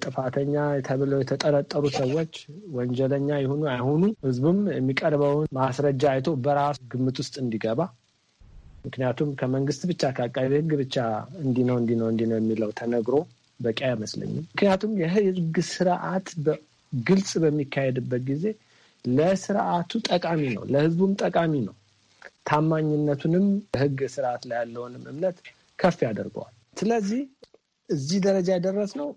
ጥፋተኛ ተብለው የተጠረጠሩ ሰዎች ወንጀለኛ ይሁኑ አይሁኑ፣ ህዝቡም የሚቀርበውን ማስረጃ አይቶ በራሱ ግምት ውስጥ እንዲገባ። ምክንያቱም ከመንግስት ብቻ ከአቃቤ ህግ ብቻ እንዲነው እንዲነው እንዲነው የሚለው ተነግሮ በቂ አይመስለኝም። ምክንያቱም የህግ ስርዓት ግልጽ በሚካሄድበት ጊዜ ለስርዓቱ ጠቃሚ ነው፣ ለህዝቡም ጠቃሚ ነው። ታማኝነቱንም ህግ ስርዓት ላይ ያለውንም እምነት ከፍ ያደርገዋል። ስለዚህ እዚህ ደረጃ የደረስነው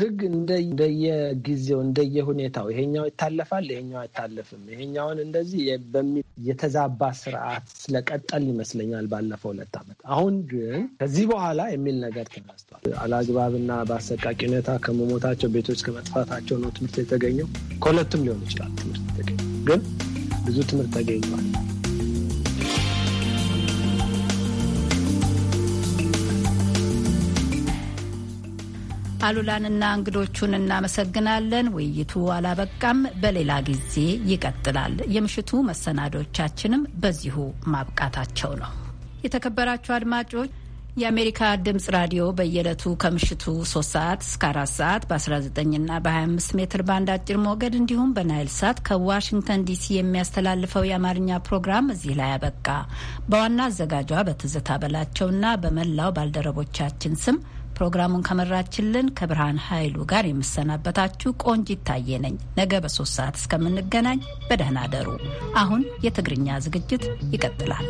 ህግ እንደየጊዜው እንደየሁኔታው ይሄኛው ይታለፋል፣ ይሄኛው አይታለፍም፣ ይሄኛውን እንደዚህ በሚል የተዛባ ስርዓት ስለቀጠል ይመስለኛል ባለፈው ሁለት ዓመት። አሁን ግን ከዚህ በኋላ የሚል ነገር ተነስቷል። አላግባብና በአሰቃቂ ሁኔታ ከመሞታቸው ቤቶች ከመጥፋታቸው ነው ትምህርት የተገኘው። ከሁለቱም ሊሆን ይችላል ትምህርት የተገኘው ግን ብዙ ትምህርት ተገኝቷል። አሉላንና እንግዶቹን እናመሰግናለን። ውይይቱ አላበቃም፣ በሌላ ጊዜ ይቀጥላል። የምሽቱ መሰናዶቻችንም በዚሁ ማብቃታቸው ነው። የተከበራችሁ አድማጮች የአሜሪካ ድምጽ ራዲዮ በየዕለቱ ከምሽቱ 3 ሰዓት እስከ 4 ሰዓት በ19ና በ25 ሜትር ባንድ አጭር ሞገድ እንዲሁም በናይል ሳት ከዋሽንግተን ዲሲ የሚያስተላልፈው የአማርኛ ፕሮግራም እዚህ ላይ አበቃ። በዋና አዘጋጇ በትዝታ በላቸውና በመላው ባልደረቦቻችን ስም ፕሮግራሙን ከመራችልን ከብርሃን ኃይሉ ጋር የምሰናበታችሁ ቆንጅ ይታየ ነኝ። ነገ በሶስት ሰዓት እስከምንገናኝ በደህና ደሩ። አሁን የትግርኛ ዝግጅት ይቀጥላል።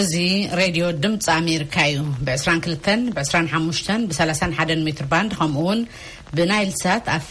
እዚ ሬድዮ ድምፂ ኣሜሪካ እዩ ብ22 ብ25 ብ31 ሜትር ባንድ ከምኡውን ብናይልሳት ኣብ